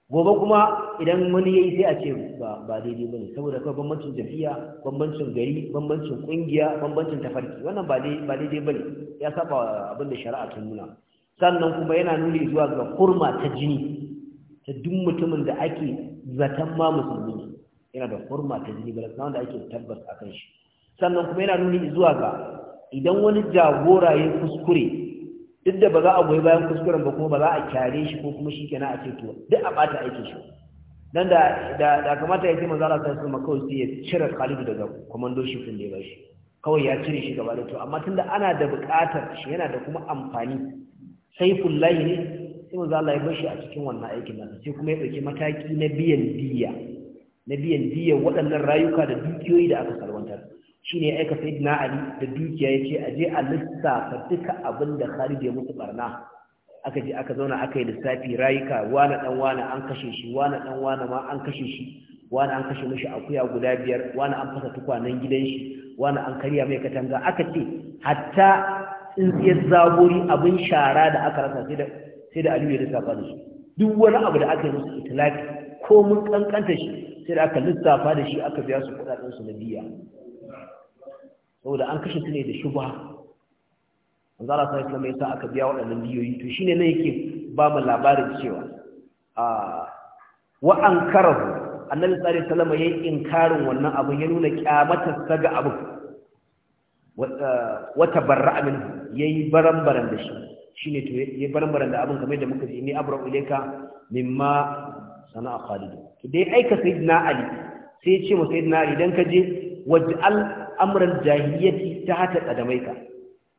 gobe kuma idan wani yi sai a ce ba daidai ne. saboda kawai bambancin tafiya bambancin gari bambancin kungiya bambancin tafarki wannan ba ba ne. ya saba abin da shari'a ta nuna sannan kuma yana nuni zuwa ga hurma ta jini ta duk mutumin da ake zaton ma musulmi yana da hurma ta jini balantana wanda ake tabbas a kan shi sannan kuma yana nuni zuwa ga idan wani jagora ya kuskure duk da ba za a goyi bayan kuskuren ba kuma ba za a kyare shi ko kuma shi kenan a ce to duk a bata aikin shi dan da da kamata ya ce manzo Allah sai kuma kawai sai ya cire Khalid daga shi kun da ya bashi kawai ya cire shi gaba da to amma tunda ana da buƙatar shi yana da kuma amfani sai saifullahi ne sai manzo Allah ya bashi a cikin wannan aikin nasa sai kuma ya dauki mataki na biyan diya na biyan diya waɗannan rayuka da dukiyoyi da aka salwantar shi ne aika sai na ali da dukiya ya ce a je a lissafa duka abin da khalid ya mutu barna aka je aka zauna aka yi lissafi rayuka Wani dan wani an kashe shi wani dan wani ma an kashe shi wani an kashe mishi akuya guda biyar wani an fasa tukwanen gidan shi wani an karya mai katanga aka ce hatta sai zaburi abin shara da aka rasa sai da sai da aliyu ya lissafa da shi duk wani abu da aka yi musu itilafi ko mun kankanta shi sai da aka lissafa da shi aka biya su kudaden su na biya saboda an kashe su ne da shubha manzo Allah sallallahu alaihi wasallam yasa aka biya waɗannan biyoyi to shine ne yake ba mu labarin cewa a wa ankarahu annabi sallallahu alaihi wasallam yayin inkarin wannan abun ya nuna kyamatar ta ga abin. abu wa ya yi yayi barambaran da shi ne to yayi baran da abun kamar da muka ji ni abra'u ilayka mimma sana'a khalid to dai aika sayyidina ali sai ya ce mu sayyidina ali dan ka je waj'al al’amuran jahiliyyati ta hata kadamaika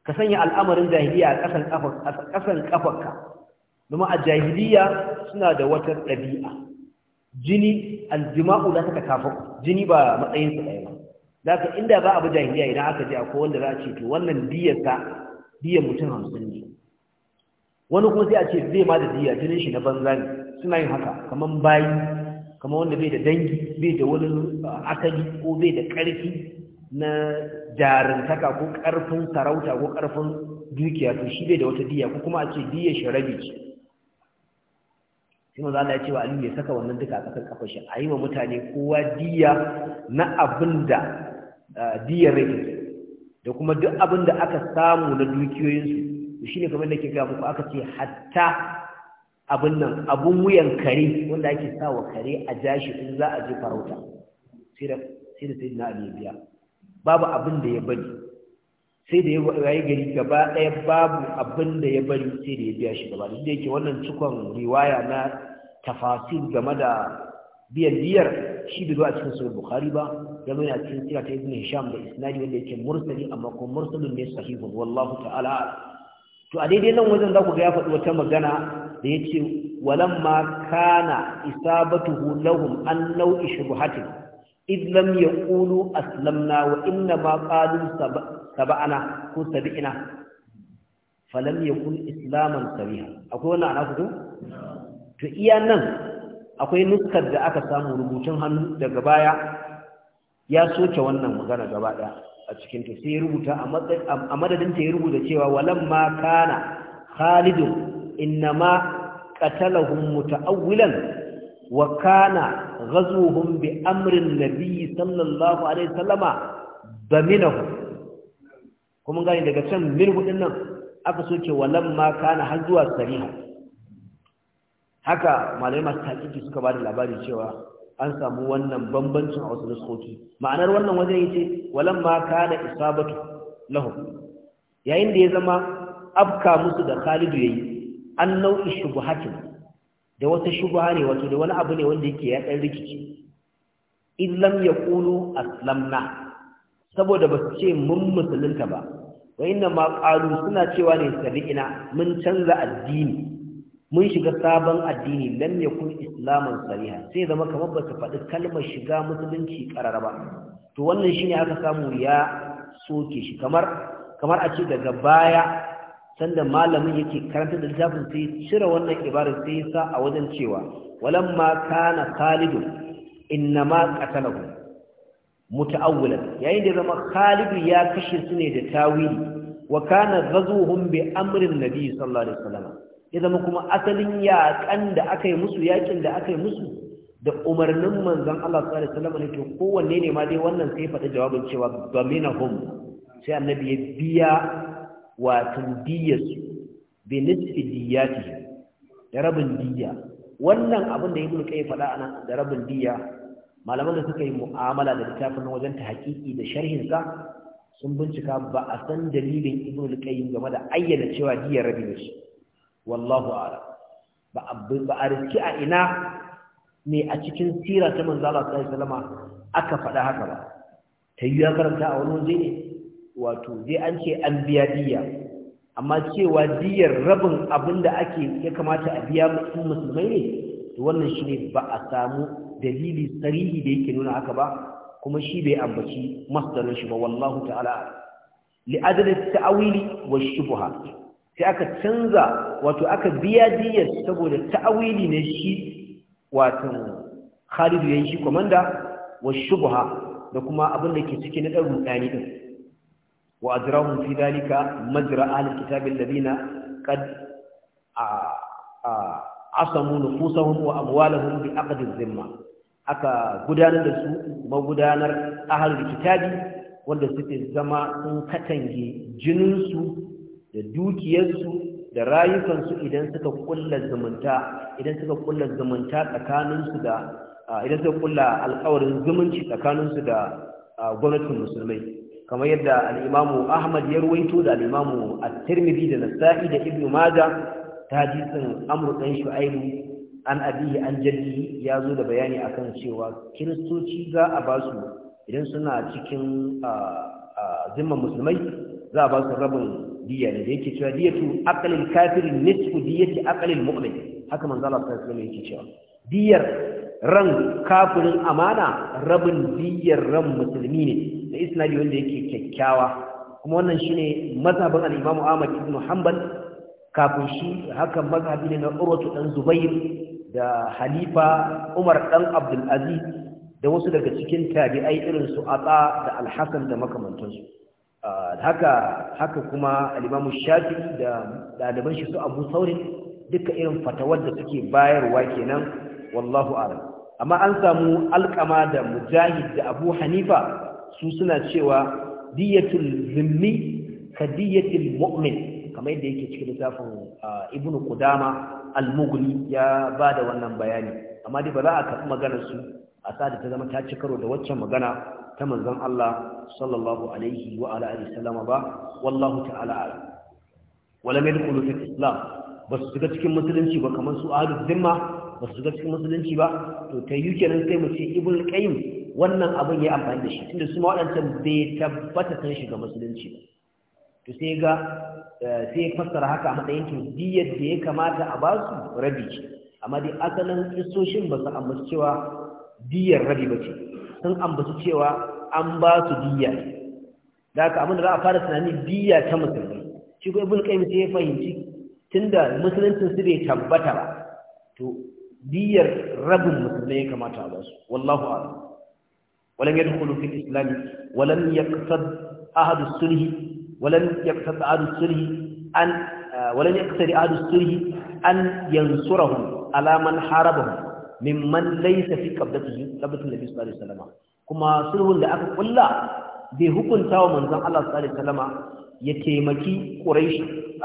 ka sanya al'amarin jahiliya a kasan kafa kasan domin a jahiliya suna da wata ɗabi'a jini aljima'u za ta kafa jini ba matsayin su ɗaya ba zaka inda ba abu jahiliya idan aka ji akwai wanda za a ce to wannan diyarsa diyar mutum hamsin ne wani kuma sai a ce zai ma da diya jinin shi na banza ne suna yin haka kaman bayi kamar wanda bai da dangi bai da wani ah, asali ko bai da ƙarfi na jarintaka ko karfin sarauta ko karfin dukiya to shi bai da wata diya ko kuma a ce diya shi rabi ce sai maza Allah ya ce wa Aliyu ya saka wannan duka a ƙasar kafar shi a yi wa mutane kowa diya na abin da diyar rai da kuma duk abin da aka samu na dukiyoyinsu shi ne kamar da ke gafi aka ce hatta abin nan abin wuyan kare wanda ake sa wa kare a jashi in za a je farauta sai da sai da sai na biya babu abin da ya bari sai da ya rayu gari gaba ɗaya babu abin da ya bari sai da ya biya shi gaba da yake wannan cikon riwaya na tafasil game da biyan biyar shi bai zuwa cikin sahih bukhari ba ya zo yana cikin sira ta ibn hisham da isnadi wanda yake mursali amma kuma mursalin ne sahihun wallahu ta'ala to a daidai nan wajen za ku ga ya faɗi wata magana da ya ce walamma kana isabatuhu lahum an nau'i shubhatin idlam ya ƙulu aslamna wa inna ma saba'ana ko sabi'ina falam ya ƙulu islaman sabiha akwai wannan ana kuku? to iya nan akwai nuskar da aka samu rubutun hannu daga baya ya soke wannan magana gaba a cikin ta sai rubuta a madadin ta ya rubuta cewa walan ma kana khalidun innama qatalahum muta'awwilan wa kana ghazuhum bi amrin nabi sallallahu alaihi wasallama baminahu kuma gani daga can mirhu din nan aka soke walamma kana har zuwa sariha haka malai masu taƙiƙi suka ba da labari cewa an samu wannan bambancin a wasu nuskoki ma'anar wannan wajen yace walamma kana isabatu lahum yayin da ya zama afka musu da Khalidu yayi an nau'i shubuhatin da wata shubha ne wato da wani abu ne wanda yake ya dan rikici in lam yaqulu aslamna saboda ba su ce mun musulunta ba wa inna ma qalu suna cewa ne sabi'ina mun canza addini mun shiga sabon addini lam yakun islaman sariha sai zama kamar ba su faɗi kalmar shiga musulunci karara ba to wannan shine aka samu ya soke shi kamar kamar a ce daga baya sanda malamin yake karanta da littafin sai cire wannan ibarar sai sa a wajen cewa walamma kana inna ma qatalahu muta'awwilan yayin da zama khalidu ya kashe su ne da tawili wa kana ghazuhum bi amrin nabi sallallahu alaihi wasallam ya zama kuma asalin yaƙan da aka yi musu yaƙin da aka yi musu da umarnin manzon Allah sallallahu alaihi wasallam ne to kowanne ne ma dai wannan sai faɗi jawabin cewa gaminahum sai annabi ya biya watan diyyarsu bi nisfi diyyati da rabin diyya wannan abin da ibnu kai faɗa anan da rabin diyya malaman da suka yi mu'amala da littafin wajen ta haƙiƙi da sharhin sa sun bincika ba a san dalilin ibnu qayyim game da ayyana cewa Diyar rabi ne wallahu a'lam ba ba a a ina ne a cikin sira ta manzo Allah sallallahu alaihi wasallama aka faɗa haka ba ta yi ya karanta a wani waje ne wato dai an ce an biya diya amma cewa diyar rabin abin da ake ya kamata a biya mutum musulmai ne to wannan shi ne ba a samu dalili sarihi da yake nuna haka ba kuma shi bai ambaci masdarin shi ba wallahu ta'ala li'adad ta'awili wa shubha sai aka canza wato aka biya diyar saboda ta'awili ne shi wato Khalid yayin shi komanda wa shubha da kuma abin da ke cikin na dan rudani din وأجرهم في ذلك مجرى أهل الكتاب الذين قد عصموا نفوسهم وأموالهم بأقد الذمة aka gudanar da su أهل الكتاب kitabi wanda suke zama sun katange jininsu da dukiyarsu da rayukansu idan suka kulla zumunta idan suka kulla zumunta su da idan suka kulla alƙawarin zumunci tsakanin su da gwamnatin musulmai kamar yadda al Ahmad ya ruwaito da al a tirmidhi da Nasa'i da Ibn Majah ta hadisin Amurkan Shu'aibu, an abihi an jaddihi ya zo da bayani akan cewa kiristoci za a ba su idan suna cikin zimman musulmai za a ba su rabin diya ne da yake cewa diyatu aqlil kafir nisfu diyati mu'min haka manzo Allah sallallahu alaihi wasallam yake cewa diyar ran kafirin amana rabin diyar ran musulmi ne da isnadi wanda yake kyakkyawa kuma wannan shine mazhabin al Ahmad ibn Hanbal kafin shi haka mazhabi ne na Urwatu dan Zubair da Halifa Umar dan Abdulaziz da wasu daga cikin tabi'ai irin su Atha da Alhassan da makamantansu ah, haka haka kuma Alimamu Shafi da daliban shi su Abu Thawr duka irin fatawar da suke bayarwa kenan wallahu a'lam amma an samu alƙama da mujahid da abu hanifa su suna cewa diyatul zimmi ka diyatul mu'min kamar yadda yake cikin littafin ibn qudama al-mughni ya ba da wannan bayani amma dai ba za a karɓi maganar su a sada ta zama ta ci karo da waccan magana ta manzon Allah sallallahu alaihi wa ala alihi sallama ba wallahu ta'ala ala wala mai dukulu islam ba su shiga cikin musulunci ba kamar su ahlul zimma ba su cikin musulunci ba to ta yi kenan sai mu ce ibul qayyim wannan abin ya amfani da shi tunda su ma waɗancan bai tabbata sun shiga musulunci ba to sai ga eh, sai ya fassara haka a matsayin to diyyar da ya kamata a ba su rabi ce amma dai asalin kristoshin ba su ambaci cewa diyyar rabi ba ce sun ambaci cewa an ba su diyya da haka abin da za a fara tunanin diyya ta musulmi shi ko ibn qayyim sai ya fahimci tunda musuluncin su bai tabbata ba to diyar rabin mutum ne ya kamata a basu wallahu a'lam walam yadkhulu fi islam walam yaqsad ahad as-sulh walam yaqsad ahad as-sulh an walam yaqsad ahad as sulhi? an yansurahum ala man harabahum mimman laysa fi qabdatihi qabdatin nabi sallallahu alaihi wasallam kuma sulhun da aka kulla bai hukunta wa manzon Allah sallallahu alaihi wasallam ya taimaki quraish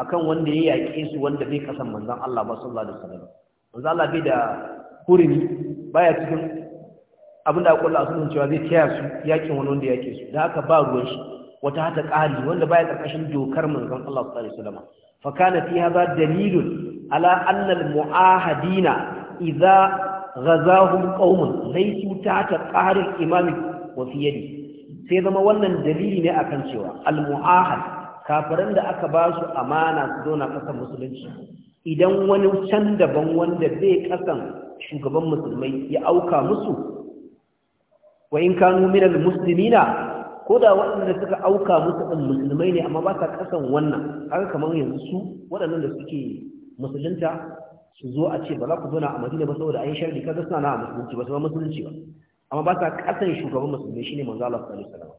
akan wanda ya yake su wanda bai kasan manzon Allah ba sallallahu alaihi wasallam manzo Allah bai da hurumi baya cikin abin da a sunan cewa zai taya su yakin wani wanda yake su da haka ba ruwan shi wata hata ƙari wanda baya karkashin dokar manzon Allah sallallahu alaihi fa kana fi hadha dalilun ala anna al muahadina idza ghazahum qaumun laysu ta qahril imam wa fi yadi sai zama wannan dalili ne akan cewa al muahad kafiran da aka ba su amana su zauna kasar musulunci idan wani can daban wanda zai kasan shugaban musulmai ya auka musu wa in kanu minal muslimina ko da waɗanda suka auka musu ɗin musulmai ne amma ba sa kasan wannan haka kamar yanzu su waɗannan da suke musulunta su zo a ce ba za ku na a madina ba saboda an sharri kaza suna na a musulunci ba su ba musulunci ba amma ba sa kasan shugaban musulmai shine manzo Allah sallallahu alaihi wasallam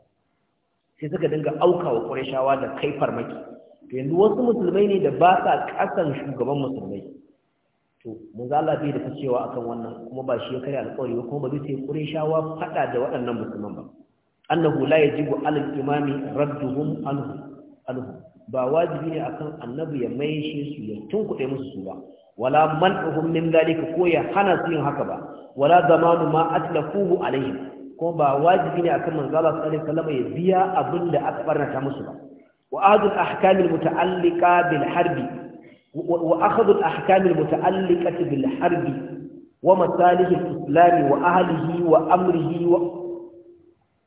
sai suka dinga auka wa Qurayshawa da kai farmaki to yanzu wasu musulmai ne da ba sa kasan shugaban musulmai to za Allah bai da ta cewa akan wannan kuma ba shi ya kai alƙawari ba kuma ba zai kure shawa fada da waɗannan musulman ba annahu la yajibu alal imami radduhum anhu anhu ba wajibi ne akan annabi ya maishe su ya tunkuɗe musu su ba wala man'uhum min dalika ko ya hana su yin haka ba wala zamanu ma atlafuhu alaihim ko ba wajibi ne akan manzo Allah sallallahu alaihi wasallam ya biya abin da aka barnata musu ba وأخذ الأحكام المتعلقة بالحرب وأخذ الأحكام المتعلقة بالحرب ومصالح الإسلام وأهله وأمره و...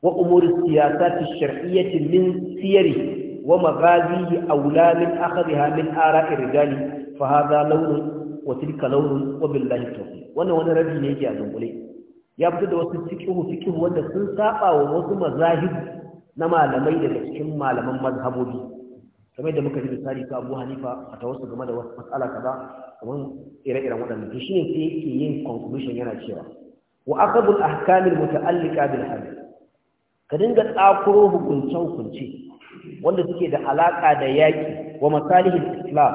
وأمور السياسات الشرعية من سيره ومغازيه أولى من أخذها من آراء الرجال فهذا لون وتلك لون وبالله التوفيق وانا وانا ربي نيجي أزنبولي يبدو دوسي فكه فكه وانا سنساقا ووسم مذاهب na malamai daga cikin malaman mazhabobi kamar da muka yi misali ta Abu Hanifa a tawassu game da wasu matsala kaza kamar ire-iren waɗannan to shine sai yake yin conclusion yana cewa wa aqabu al-ahkam al-muta'alliqa bil hadith ka dinga tsakuro hukunce hukunce wanda suke da alaka da yaki wa masalihil islam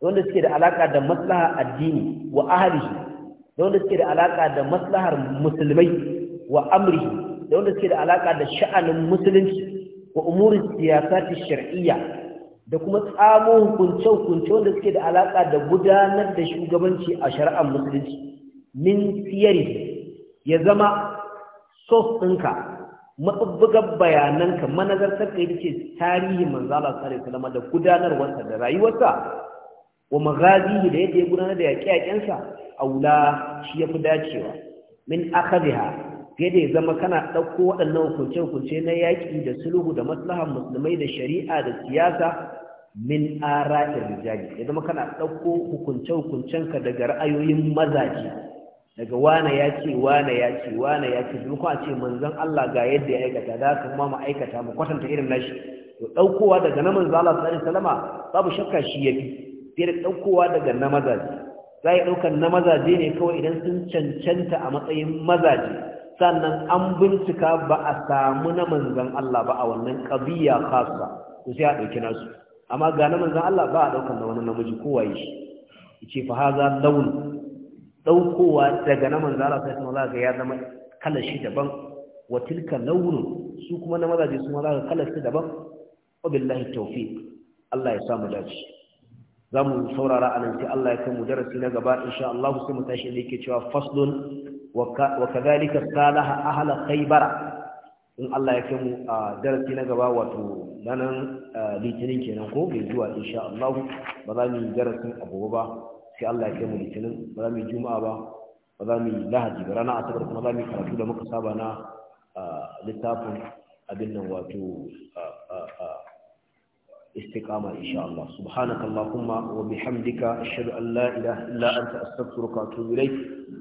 wanda suke da alaka da maslaha addini wa ahlihi wanda suke da alaka da maslahar musulmai wa amrihi da wanda suke da alaka da sha'anin musulunci wa umurin siyasati shar'iyya da kuma tsamo hukunce-hukunce wanda suke da alaka da gudanar da shugabanci a shari'ar musulunci min siyari ya zama sos ɗinka matsubbugar bayananka manazartar ka yi ce tarihin manzala sallallahu alaihi da gudanarwarsa da rayuwarsa wa magazihi da yadda ya gudanar da yaƙe-yaƙensa wula shi ya fi dacewa min akadiha sai ya zama kana ɗauko waɗannan hukunce-hukunce na yaƙi da sulhu da maslahan musulmai da shari'a da siyasa min ara rijali ya zama kana ɗauko hukunce-hukuncenka daga ra'ayoyin mazaje daga wane ya ce wane ya ce wane ya ce duk a ce manzon Allah ga yadda ya aikata da kuma mu aikata mu kwatanta irin nashi to ɗaukowa daga na manzon Allah sallallahu alaihi wasallama babu shakka shi yafi sai da ɗaukowa daga na mazaje za a na mazaje ne kawai idan sun cancanta a matsayin mazaje sannan an bincika ba a samu na manzan Allah ba a wannan ƙabiya kasuwa to sai a ɗauki nasu amma ga na manzan Allah ba a ɗaukar na wani namiji kowa yi shi ce fa haza launi ɗaukowa daga na manzan Allah sai kuma za ya zama kalar shi daban wa tilka su kuma na mazaje su ma za shi daban wa billahi tawfiq Allah ya samu dace za mu saurara a nan sai Allah ya kai mu darasi na gaba insha Allah sai mu tashi ne ke cewa faslun wa kadhalika salaha ahla khaybara in Allah ya kai mu a darasi na gaba wato ranar litinin kenan ko mai zuwa insha Allah ba za mu yi darasin abubuwa sai Allah ya kai mu litinin ba za mu yi juma'a ba ba za mu yi lahadi ba ranar asabar kuma za mu yi karatu da muka saba na littafin abin nan wato istiqama insha Allah subhanakallahumma wa bihamdika ashhadu an la ilaha illa anta astaghfiruka wa atubu ilayk